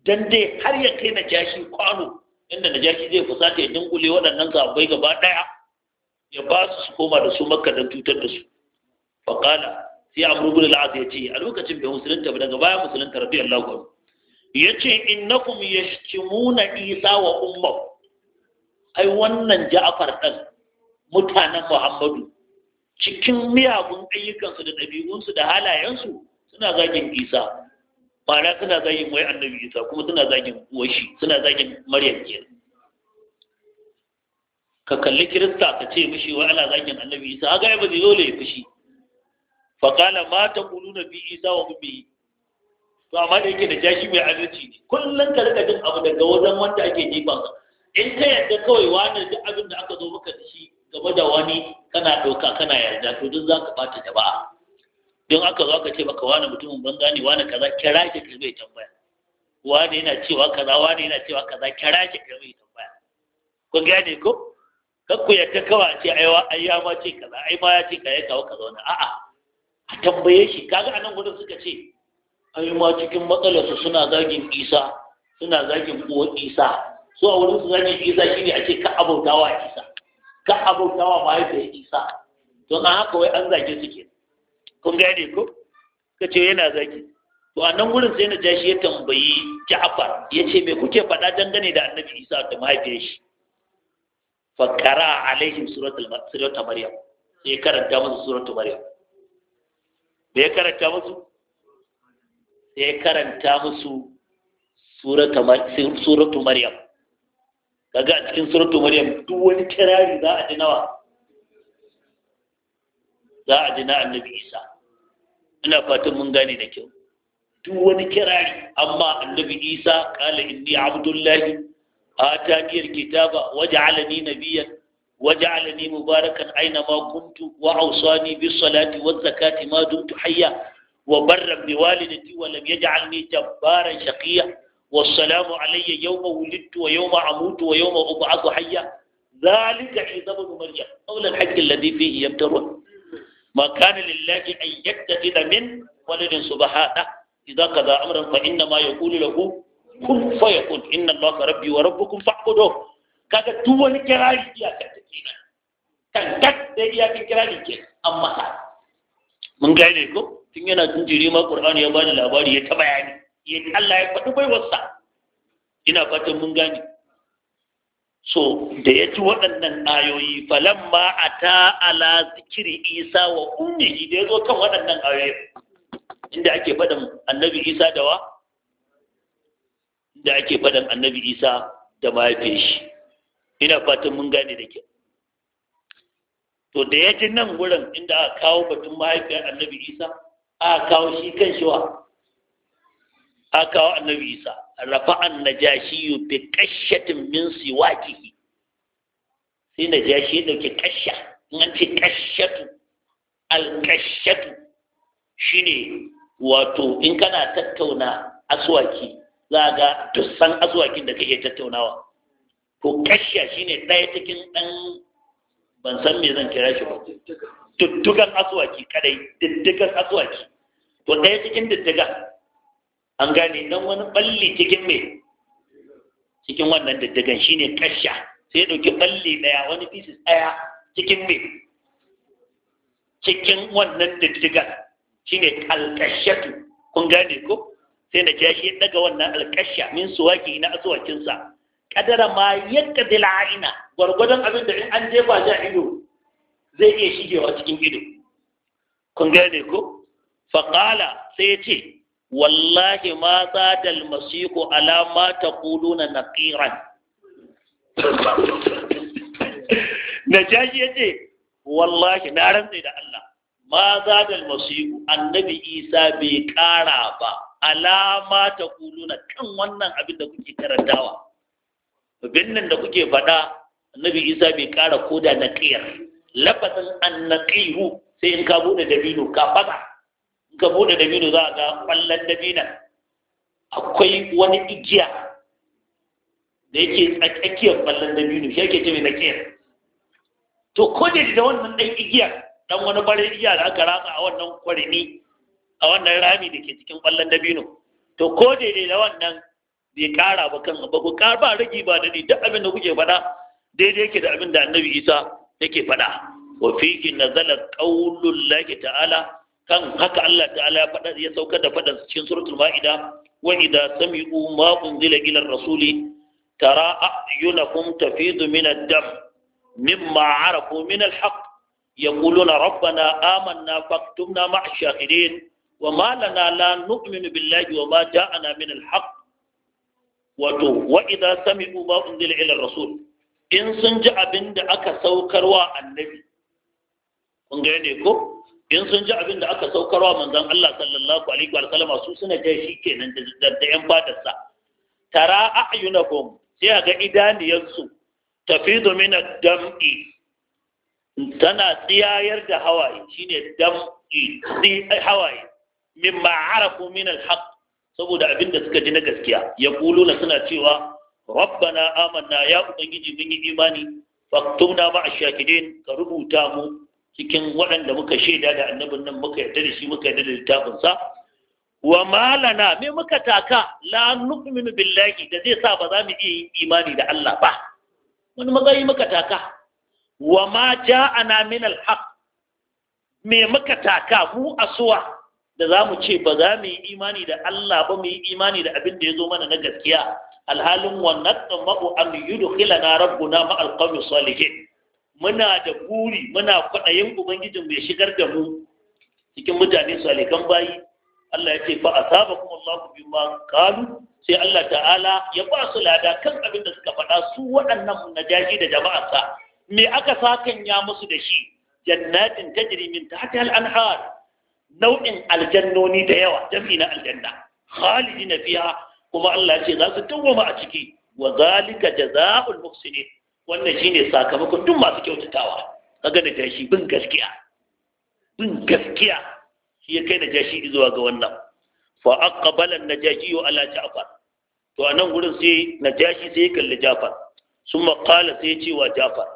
dan dai har ya kai jashi kwano inda na jashi zai fusata ya dingule waɗannan zabai gaba daya ya ba su su koma da su makka dan cutar da su faqala sai amru ibn al ya ce a lokacin bai musulunta ba daga baya musulunta radiyallahu anhu yace innakum yashkimuna isa wa umma ai wannan ja'far ɗan mutanen muhammadu cikin miyagun ayyukansu da ɗabi'unsu da halayensu suna zagin isa ma'ana suna zagin wai annabi isa kuma suna zagin washi suna zagin maryam ke ka kalli kirista ka ce mishi wai ana zagin annabi isa aga ba zai yi ya fushi fa qala ma taquluna bi isa wa ummi to amma da yake da jashi mai adalci ne kullum ka rika jin abu daga wajen wanda ake jifan ka in ka yarda kawai wani duk abin da aka zo maka da shi game da wani kana ɗauka kana yarda to duk za ka ɓata jama'a don aka zo aka ce maka wani mutumin banza ne wani kaza kira shi ka zai tambaya wani yana cewa kaza wani yana cewa kaza kira shi ka zai tambaya kun gane ko kan ku yarda kawai ce wa ai ya ma ce kaza ai ma ya ce kaza ya kawo kaza wani a'a a tambaye shi kaga anan gudun suka ce ai ma cikin matsalarsa suna zagin isa suna zagin uwar isa su a wurin su zagin isa shine a ce ka abautawa isa ka abautawa da isa don a haka wai an zage su ke kun gane ko ka ce yana zagi to a nan wurin sai na ja shi ya tambayi ja'far ya ce me kuke faɗa dangane da annabi isa da mahaifiyar shi fakara alaihim suratul maryam sai karanta musu suratul maryam me ya karanta musu sai ya karanta musu suratu maryam kaga a cikin suratu maryam duk wani kirari za a ji nawa za a ji na annabi isa ina fatan mun gane da kyau duk wani kirari amma annabi isa kala inni abdullahi ta ataniyar kitaba waj'alani waje waj'alani mubarakan aina ma kuntu wa awsani bis salati waz zakati ma dumtu hayya وبرا بوالدتي ولم يجعلني جبارا شقيا والسلام علي يوم ولدت ويوم أموت ويوم أبعث حيا ذلك عيسى بن مريم قول الحج الذي فيه يبترون ما كان لله أن يتخذ من ولد سبحانه إذا قضى أمرا فإنما يقول له كن fa ان الله ربي وربكم wa rabbukum fa'budu kaga يا wani kirari iya ka take nan kan من da iya tun yana tunjire ma ƙur'ani ya bada labari ya ta bayani ya Allah ya faɗi wasa ina fatan mun gane so da ya ci waɗannan ayoyi a ata ala zikiri isa wa ummihi da ya zo kan waɗannan ayoyi inda ake faɗin annabi isa da wa inda ake faɗin annabi isa da mahaifin shi ina fatan mun gane da ke to da ya ji nan wurin inda aka kawo batun mahaifiyar annabi isa a kawo shi kan shi wa a kawo annabi isa rafa an najashi bi kashatin min siwakihi sai najashi ya dauki kasha in an ce kashatu shi shine wato in kana tattauna aswaki za ga dusan aswakin da kake tattaunawa to kasha shine ɗaya cikin ɗan ban san me zan kira shi ba tuttugan aswaki kadai tuttugan aswaki to ɗaya cikin tuttuga an gane don wani balli cikin mai cikin wannan tuttugan shine kasha sai dauki ɗauki balli ɗaya wani pieces ɗaya cikin mai cikin wannan diddigan shine alkashatu kun gane ko sai na jashi ya daga wannan alkasha min suwaki na asuwakinsa kadara ma yadda dila'ina gwargwadon abin da in an jefa shi a ido zai iya shigewa cikin ido kun gane ko faƙala sai ce wallahi ma za alama ta kulu na naƙiran na jaji ya wallahi na rantse da Allah ma za da annabi isa bai ƙara ba alama ta kulu na kan wannan abin da kuke karantawa abin da kuke faɗa annabi isa bai ƙara koda na ƙiyar lafazin annaqihu sai in ka bude dabino ka fasa in ka bude dabino za a ga kwallon dabina akwai wani igiya da yake tsakiyar kwallon dabino shi yake ce mai tsakiyar to ko da da wannan ɗan igiyar dan wani bare igiya da aka ratsa a wannan kwarimi a wannan rami da ke cikin ƙwallon dabino to ko da da wannan bai kara ba kan ba ku ba rage ba da ni, duk abin da kuke faɗa daidai yake da abin da annabi isa yake faɗa wa fihi nazala qaulul lahi ta'ala kan haka Allah ta'ala ya faɗa ya saukar da faɗan cikin suratul ma'ida wa idza sami'u ma unzila ila rasuli tara a'yunakum tafidu min ad-dam mimma arafu min al-haqq يقولون ربنا آمنا lana مع الشاهدين billahi لنا لا نؤمن min وما جاءنا من الحق وإذا سمعوا ما أنزل إلى rasuli. in sun ji abin da aka saukarwa annabi kun gane ko in sun ji abin da aka saukarwa manzon Allah sallallahu alaihi wa sallama su suna ta shi kenan da da yan fadarsa tara a'yunakum sai ga idaniyarsu tafidu min ad-dam'i tana tsiyayar da hawaye shine dam'i tsi eh, hawaye mimma arafu min al-haq saboda abin da suka ji na gaskiya yaquluna suna cewa rabbana amanna ya ubangiji mun yi imani faktubna ma'a ashakidin ka rubuta mu cikin waɗanda muka shaida da annabin nan muka yarda da shi muka yarda da littafinsa wa malana me muka taka la nu'minu billahi da zai sa ba za mu iya imani da Allah ba wani magayi muka taka wa ma ja'ana min alhaq me muka taka mu asuwa da za mu ce ba za mu yi imani da Allah ba mu yi imani da abin da ya zo mana na gaskiya alhalin wannan tsammaku an yudkhila na rabbuna ma alqawmi salihin muna da buri muna kwaɗayin ubangijin mai shigar da mu cikin mutane salikan bayi Allah ya ce a saba kuma Allah bi ma kalu sai Allah ta'ala ya ba su lada kan abin da suka faɗa su waɗannan najaji da jama'arsa me aka sakan ya musu da shi jannatin tajri min tahtiha al-anhar nau'in aljannoni da yawa jami'i na aljanna khalidina fiha kuma Allah ya ce za su dawwama a ciki wa zalika jazaa'ul muhsinin wannan shine sakamakon duk masu kyautatawa kaga da jashi bin gaskiya bin gaskiya shi ya kai najashi zuwa ga wannan fa aqbala najashi ala ja'far to anan gurin sai najashi sai ya kalli ja'far summa qala sai ya ce wa ja'far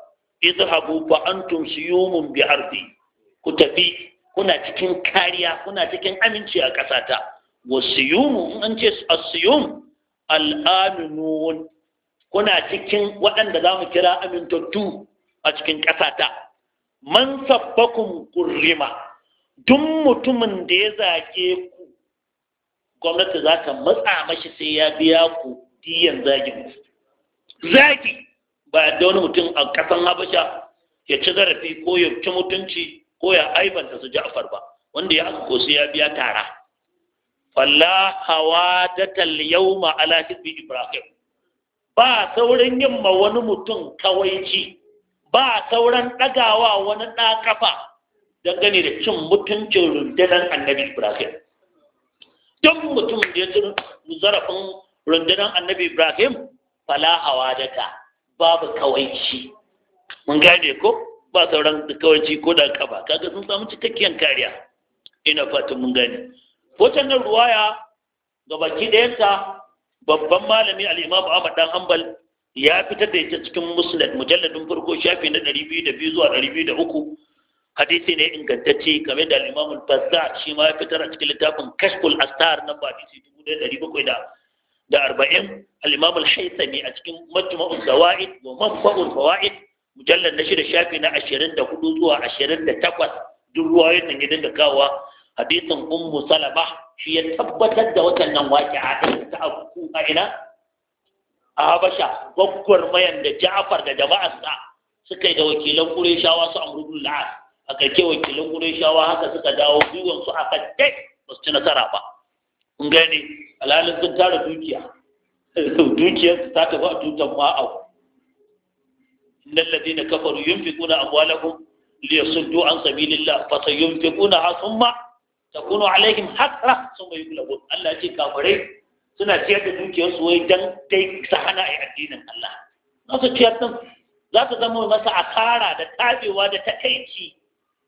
idhabu fa antum suyumun bi ardi ku tafi kuna cikin kariya kuna cikin aminci a ƙasata wasiyumu in an ce asiyum al'aminun kuna cikin waɗanda za mu kira amintattu a cikin ƙasata man sabbakun gurima. duk mutumin da ya zage ku gwamnati za ta matsa mashi sai ya biya ku diyan zagin ku zagi ba da wani mutum a ƙasan habasha ya ci zarafi ko ya ci mutunci ko ya aibanta su ja'far ba wanda ya aka ko sai ya biya tara falla hawadatal yawma ala hizbi ibrahim ba saurin yin ma wani mutum kawaici ba sauran ɗagawa wani ɗa kafa dangane da cin mutuncin rundunar annabi ibrahim Don mutum da ya ci zarafin rundunar annabi ibrahim fala hawadata babu kawaici mun gane ko ba sauran kawaici ko da kafa kaga sun samu cikakkiyar kariya ina fatan mun gane watannan ruwaya ga baki ɗayanta babban malami al'imamu ahmad dan hanbal ya fitar da ita cikin musnad mujalladin farko shafi na 202 zuwa 203 hadisi ne ingantacce kamar da al'imamu al shi ma ya fitar a cikin littafin kashful astar na hadisi 1740 al'imamu al-haythami a cikin majma'ul zawaid wa manfa'ul fawaid mujallad na shida shafi na 24 zuwa 28 duk ruwayoyin nan ya dinga kawowa hadisin ummu salama shi ya tabbatar da waɗannan a ɗin ta abu a ina a habasha gwaggwar mayan da ja'afar da jama'arsa suka yi da wakilan ƙureshawa su amru la'as a ƙarƙe wakilan ƙureshawa haka suka dawo su a kadde ba su ci nasara ba in gani alhalin sun tara dukiya dukiyar ta tafi a tutan ma'au innal ladina kafaru yunfiquna amwalahum liyasuddu an sabilillah fa sayunfiqunaha thumma takunu alaihim hasra sun bai kula Allah ce kafirai suna ciyar da dukiyarsu wai dan dai ta hana a addinin Allah za su ciyar din za ta zama masa asara da tabewa da takaici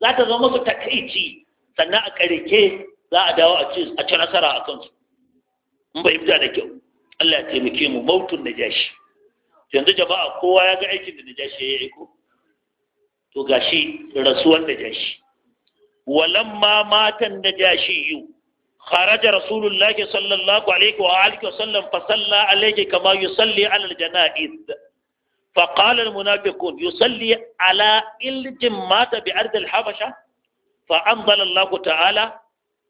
za ta zama masa takaici sannan a karike za a dawo a ci a ci nasara a kansu in bai fita da kyau Allah ya taimake mu mautun jashi. yanzu jama'a kowa ya ga aikin da jashi ya yi ko to gashi rasuwar jashi. walamma matan najashiyu kharaja rasulullahi sallallahu alaihi wa alihi wasallam fa salla alaihi kama yusalli ala aljana'iz fa qala almunafiqun yusalli ala iljin mata bi ard alhabasha fa anzala allah ta'ala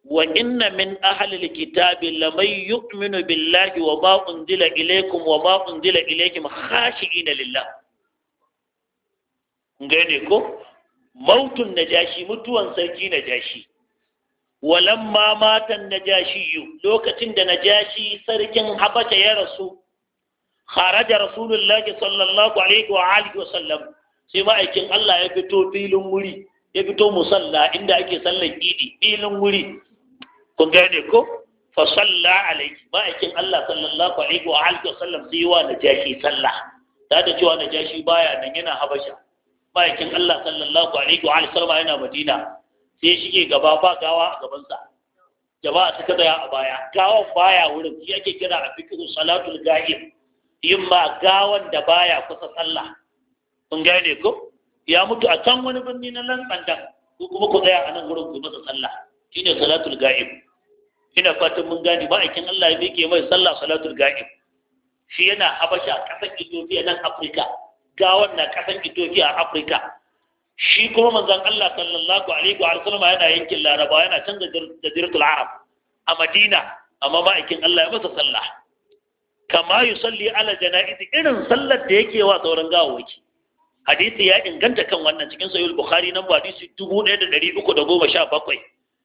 wa inna min ahli alkitabi laman yu'minu billahi wa ma unzila ilaykum wa ma unzila ilaykum khashi'ina lillah ngene ko mautun najashi mutuwan sarki najashi walamma matan najashi lokacin da najashi sarkin habasha ya rasu kharaja rasulullahi sallallahu alaihi wa alihi wa sallam sai ma'aikin Allah ya fito filin wuri ya fito musalla inda ake sallar idi filin wuri kun gane ko fa salla alaihi ma'aikin Allah sallallahu alaihi wa alihi wa sallam sai wa najashi sallah ta da cewa najashi baya nan yana habasha ma'aikin Allah sallallahu alaihi wa sallam yana Madina sai shige gaba ba gawa a gabansa jama'a suka tsaya a baya gawa baya wurin shi ake kira a fikihu salatul ga'ib yin ma gawan da baya kusa sallah kun gane ko ya mutu a can wani birni na lantsandan ko kuma ku tsaya a nan wurin ku masa sallah shine salatul ga'ib ina fatan mun gane ma'aikin Allah ya mai sallah salatul ga'ib shi yana habasha ƙasar Ethiopia nan Afirka ga na kasan Ethiopia a Afirka shi kuma manzon Allah sallallahu alaihi wa sallam yana yankin Laraba yana can da Jaziratul Arab a Madina amma ma'aikin Allah ya masa sallah kama yusalli ala janaiz irin sallar da yake wa sauran gawawaki hadisi ya inganta kan wannan cikin sahih bukhari nan ba hadisi 1317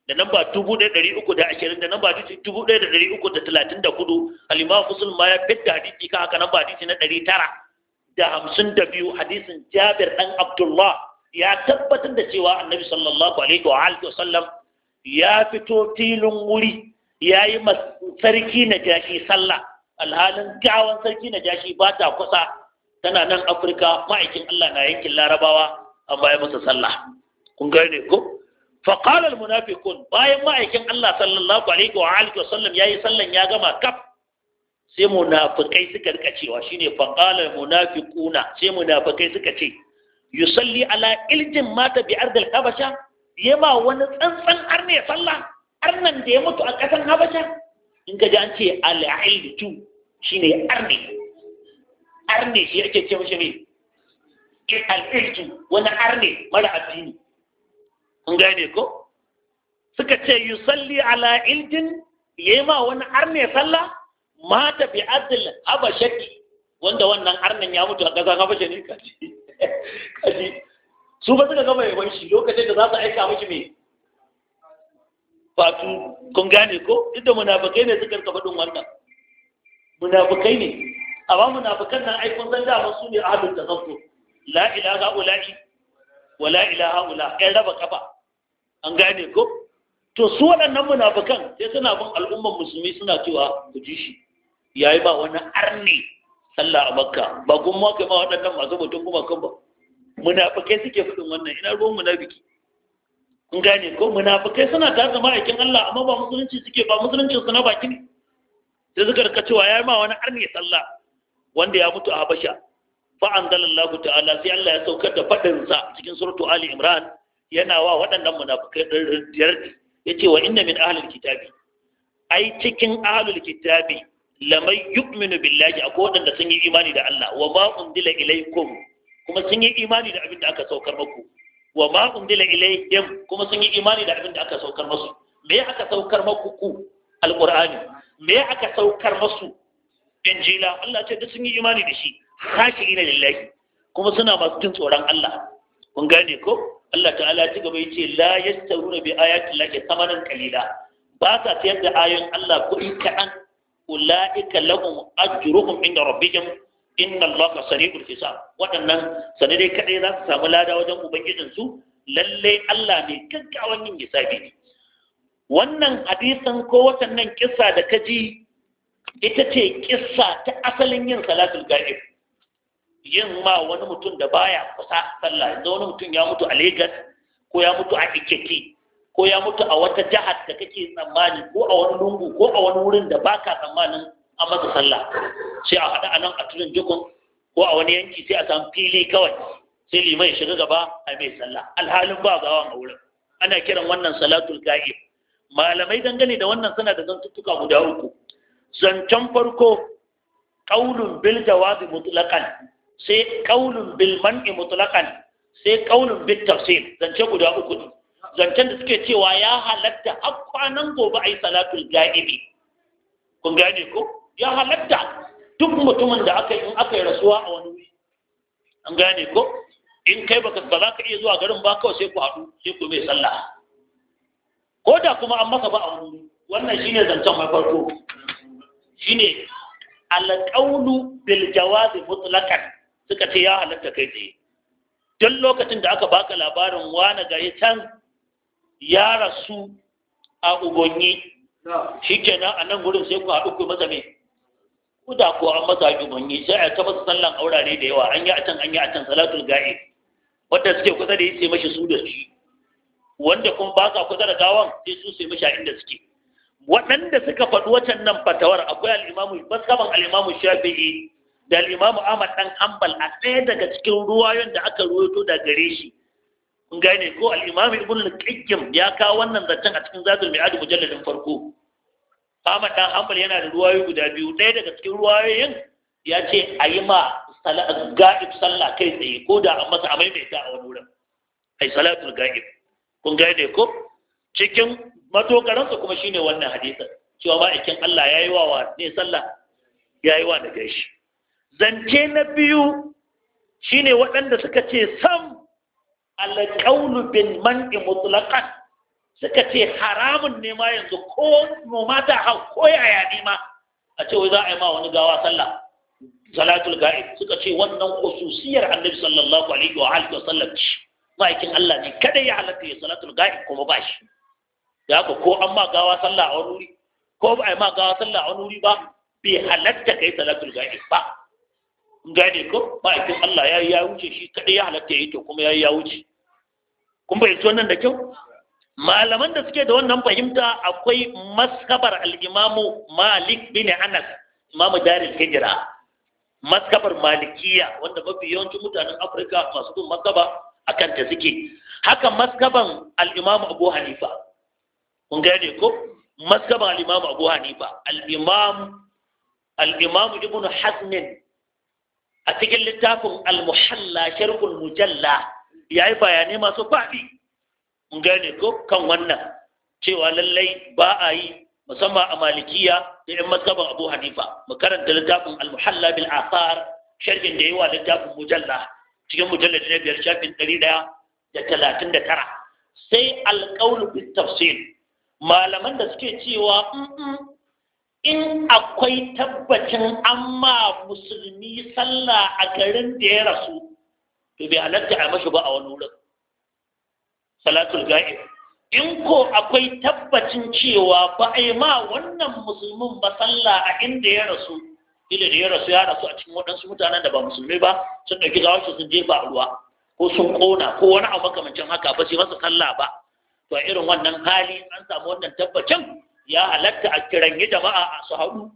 da namba dubu uku da ashirin da namba hadisi dubu ɗaya da uku da talatin da kudu ma ya fitta hadisi kan haka namba hadisi na ɗari tara da hamsin da biyu hadisin jabir ɗan abdullah ya tabbatar da cewa annabi sallallahu alaihi wa alihi sallam ya fito filin wuri ya yi sarki na jashi sallah alhalin gawan sarki na jashi ba ta kusa tana nan afirka ma'aikin allah na yankin larabawa an baya masa sallah kun gane ko faƙalar munafikun bayan ma'aikin allah sallallahu alaihi wa alihi wa sallam ya yi sallan ya gama kaf sai munafikai suka rika cewa shine faqala munafiquna sai munafikai suka ce yusalli ala iljin mata bi ardil habasha yema wani tsantsan arne sallah arnan da ya mutu a kasan habasha in ka ji an ce al ilju shine arne arne shi ake ce mishi me eh, al ilju wani arne mara addini kun gane ko suka ce yusalli ala iljin yema wani arne sallah mata bi adil habashaki wanda wannan arnan ya mutu a ƙasar habasha ne kaji kaji su ba suka gama yawan shi lokacin da za su aika miki mai fatu kun gane ko duk da ne suka rika faɗin wannan munafikai ne amma munafikan nan ai kun san dama su ne ahlul tazakkur la ilaha ula'i wa ilaha ula ƴan raba kafa an gane ko to su waɗannan munafikan sai suna bin al'umman musulmi suna cewa ku ji shi Ya yi ba wani arni sallah a makka ba kun ma kai ma waɗannan masu mutum kuma kan ba munafikai suke faɗin wannan ina ruwan munafiki kun gane ko munafikai suna ta zama aikin Allah amma ba musulunci suke ba musulunci su na baki ne sai suka rika cewa yi ma wani arni sallah wanda ya mutu a Habasha fa anzalallahu ta'ala sai Allah ya saukar da fadin sa cikin suratu Ali Imran yana wa waɗannan munafikai ɗin Ya yace wa inna min ahlil kitabi ai cikin ahlul kitabi lamai yu'minu billahi akwai waɗanda sun yi imani da Allah wa ma unzila ilaykum kuma sun yi imani da abin da aka saukar muku wa ma unzila ilayhim kuma sun yi imani da abin da aka saukar musu me aka saukar muku ku alqur'ani me aka saukar musu injila Allah ce duk sun yi imani da shi khashi'ina lillahi kuma suna masu jin tsoron Allah kun gane ko Allah ta'ala ya gaba yace la yastaruna bi ayati llahi thamanan qalila ba sa sayar da ayoyin Allah kuɗi kaɗan ula'ika lahum ajruhum inda rabbihim inna allaha sari'ul hisab waɗannan sanadai kaɗai za su samu lada wajen ubangijin su lalle Allah ne gaggawan yin hisabi ne wannan hadisan ko watannan kissa da kaji ita ce kissa ta asalin yin salatul ga'ib yin ma wani mutum da baya kusa sallah yanzu wani mutum ya mutu a Legas ko ya mutu a Ikeki ko ya mutu a wata jihar da kake tsammani ko a wani lungu ko a wani wurin da baka tsammanin a masa sallah sai a haɗa anan a tunan jikun ko a wani yanki sai a samu fili kawai sai limai shiga gaba a mai sallah alhalin ba gawa a wurin ana kiran wannan salatul ga'ib malamai dangane da wannan suna da zantuttuka guda uku zancen farko kaulun bil jawabi mutlaqan sai kaulun bil man'i mutlaqan sai kaulun bil tafsir zance guda uku ne zancen da suke cewa ya halatta a kwanan gobe a yi salatul ga'ibi kun gane ko ya halatta duk mutumin da aka in aka yi rasuwa a wani wuri an gane ko in kai baka ba za ka iya zuwa garin ba kawai sai ku haɗu sai ku mai sallah ko da kuma an maka ba a wuri wannan shine zancen mai farko shine alƙaunu bil jawazi mutlaqan suka ce ya halatta kai tsaye duk lokacin da aka baka labarin wani gari can ya rasu a ugonyi shi nan a nan gudun sai ku haɗu ku maza me ku ko an maza ugonyi sai a ta masa sallan aurare da yawa an yi a can an yi a can salatul ga'i wanda suke kusa da yi sai mashi su da shi wanda kuma ba sa kusa da gawan sai su sai mashi a inda suke waɗanda suka faɗi wacan nan fatawar akwai al'imamu musamman al'imamu shafi'i da al'imamu ahmad ɗan ambal a ɗaya daga cikin ruwayon da aka ruwaito da gare shi gane ko al’imam ibn al ya kawo wannan zancen a cikin mai adi mujalladin farko Ahmad dan Hanbal yana da ruwayoyi guda biyu ɗaya daga cikin ruwayoyin ya ce a yi ma ga'ib sallah kai tsaye ko da a masa amai mai ta a wani wurin ai salatul ga'ib kun gane ko cikin matokaransa kuma shine wannan hadisa? cewa ma'aikin Allah ya yi wa ne sallah ya yi wa da gaishe zance na biyu shine waɗanda suka ce sam alƙaunu bin man'i mutlaƙan suka ce haramun ne ma yanzu ko no mata hau ko yaya ne ma a ce wai za a yi ma wani gawa sallah salatul ga'ib suka ce wannan khususiyar annabi sallallahu alaihi wa alihi wa sallam ce ma'aikin Allah ne kada ya halatta ya salatul ga'ib kuma ba shi da haka ko an ma gawa sallah a wani wuri ko ba a yi ma gawa sallah a wani wuri ba bai halatta kai salatul ga'ib ba gane ko ma'aikin Allah ya yi ya wuce shi kada ya halatta ya yi to kuma ya yi ya wuce kun fahimci nan da kyau malaman da suke da wannan fahimta akwai maskabar al'imamu malik bin anas imamu daril hijira maskabar malikiya wanda mafi yawancin mutanen afirka masu bin maskaba a kanta suke haka maskaban al'imamu abu hanifa kun gane ko maskaban al'imamu abu hanifa al'imamu al'imamu ibn hasmin a cikin littafin al-muhalla sharhul mujalla ya yi bayanai masu faɗi mun gane ko kan wannan cewa lallai ba a yi musamman a malikiya da yan mazhaban abu hanifa mu karanta littafin al-muhalla bil athar sharhin da yawa littafin mujalla cikin mujalla na biyar shafin ɗari ɗaya da talatin da tara sai alƙawlu bil tafsir malaman da suke cewa in akwai tabbacin amma musulmi sallah a garin da ya rasu to bai halatta a mashi ba a wani wurin salatul ga'ib in ko akwai tabbacin cewa ba a yi ma wannan musulmin ba sallah a inda ya rasu ila da ya rasu ya rasu a cikin waɗansu mutanen da ba musulmi ba sun ɗauki gawarsu sun jefa ba ruwa ko sun ƙona ko wani abu makamancin haka ba sai masa sallah ba to a irin wannan hali an samu wannan tabbacin ya halatta a kiran jama'a a su haɗu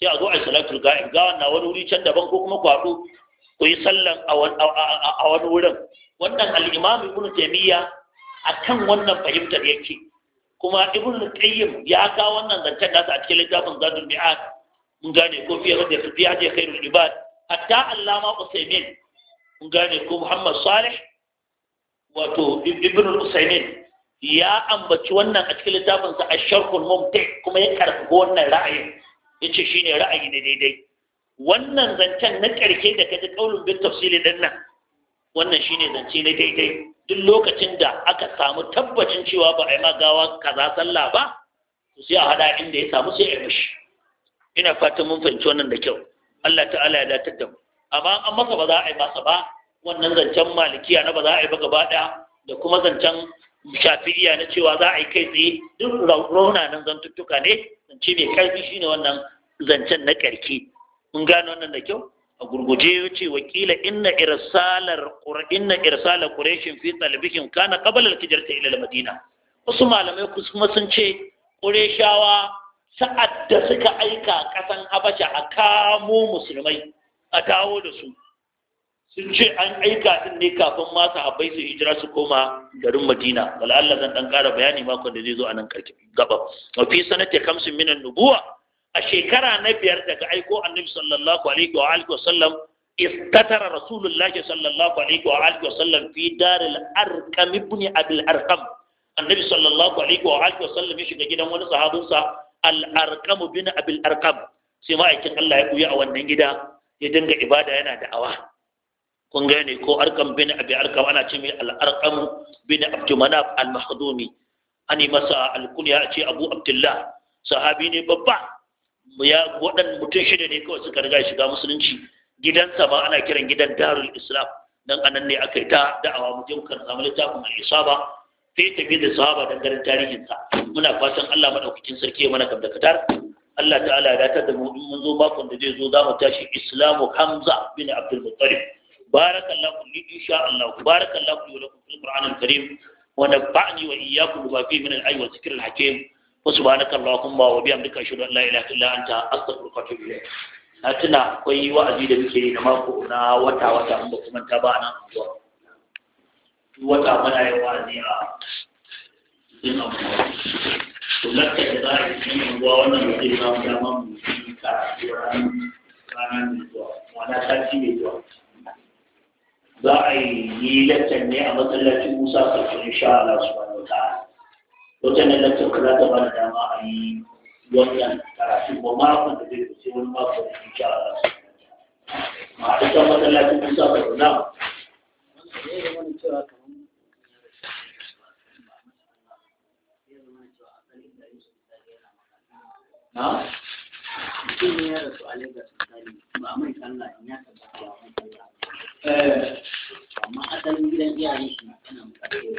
sai a zo a salatul ga'ib gawan na wani wuri can daban ko kuma kwaɗo ku yi sallan a wani wurin wannan al’imamu ibn a kan wannan fahimtar yake kuma ibn qayyim ya kawo wannan zancen nasa a cikin littafin zadul mi'ad mun gane ko fiye da su fiye da kai, ibad hatta allama usaimin mun gane ko muhammad salih wato ibn usaimin ya ambaci wannan a cikin littafin sa ash-sharh al kuma ya karbi wannan ra'ayin yace shine ra'ayi ne daidai wannan zancen na ƙarshe da kaji kaulun bin tafsili din nan wannan shine zance na daidai duk lokacin da aka samu tabbacin cewa ba a yi magawa kaza sallah ba to sai a hada inda ya samu sai a yi mishi ina fatan mun fahimci wannan da kyau Allah ta'ala ya datar da mu amma an masa ba za a yi masa ba wannan zancen malikiya na ba za a yi ba gaba ɗaya da kuma zancen shafi'iya na cewa za a yi kai tsaye duk raunanan zantuttuka ne zance mai ƙarfi shine wannan zancen na ƙarki mun gano wannan da kyau a gurguje ya ce wakila inna irsalar inna irsalar quraishin fi talbihim kana qabla al-hijrati ila al-madina wasu malamai kuma sun ce qurayshawa sa'ad da suka aika kasan habasha a kamo musulmai a dawo da su sun ce an aika din ne kafin ma habai su hijira su koma garin Madina wala zan dan kara bayani makon da zai zo a nan karki gaba wa fi sanati kamsin minan nubuwa a shekara na biyar daga aiko annabi sallallahu alaihi wa alihi wasallam istatara rasulullahi sallallahu alaihi wa alihi wasallam fi daril arqam ibn abil arqam annabi sallallahu alaihi wa alihi wasallam ya shiga gidan wani sahabinsa al arqam bin abil arqam sai ma'aikin Allah ya buya a wannan gida ya dinga ibada yana da'awa kun gane ko arqam bin abi arqam ana ce mai al arqam bin abdumanaf al mahdumi ani masa al kunya ce abu abdullah sahabi ne babba ya waɗan mutum shida ne kawai suka riga shiga musulunci gidansa ba ana kiran gidan darul islam dan anan ne aka yi ta da'awa mutum kan samu littafin al-isaba sai tafi da sahaba garin tarihin sa muna fatan Allah madaukakin sarki ya mana gaba katar Allah ta'ala ya datar da mu in mun zo bakon da zai zo za mu tashi islamu hamza bin abdul muttalib barakallahu li insha Allah barakallahu wa lakum fil qur'an karim wa nafa'ni wa iyyakum bima fihi min al hakim subhanaka allahumma wa bihamdika ashhadu an la ilaha illa anta astaghfiruka wa atubu ilayk na tuna akwai wa'azi da muke yi na mako na wata wata in ba kuma ta ba nan zuwa wata muna yin wa'azi a cikin abu to lakka da za a yi cikin unguwa wannan da zai ba mu dama mu yi karatu ranar mai zuwa wani sati mai zuwa za a yi lakcan ne a masallacin musa sarki insha Allah su wa ta'ala wata na ba za ta bada dama a yi wannan karatu ba makon da zai kusa wani mako da ke kyara da ma da kan masallacin kusa ya rasu a Lagos misali ba mai sallah in ya tabbata eh. gidan iyayen shi yana mutane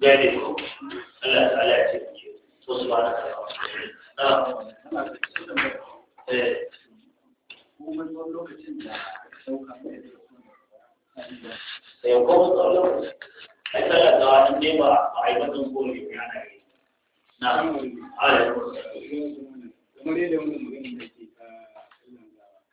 gane ko Allah ta ala ce ko su ba na kawo na eh lokacin da sauka mai da sai ko ko lokacin ai sallah da wani ne ba ba ai wannan ko ne ya na na ala ko ne da mun mun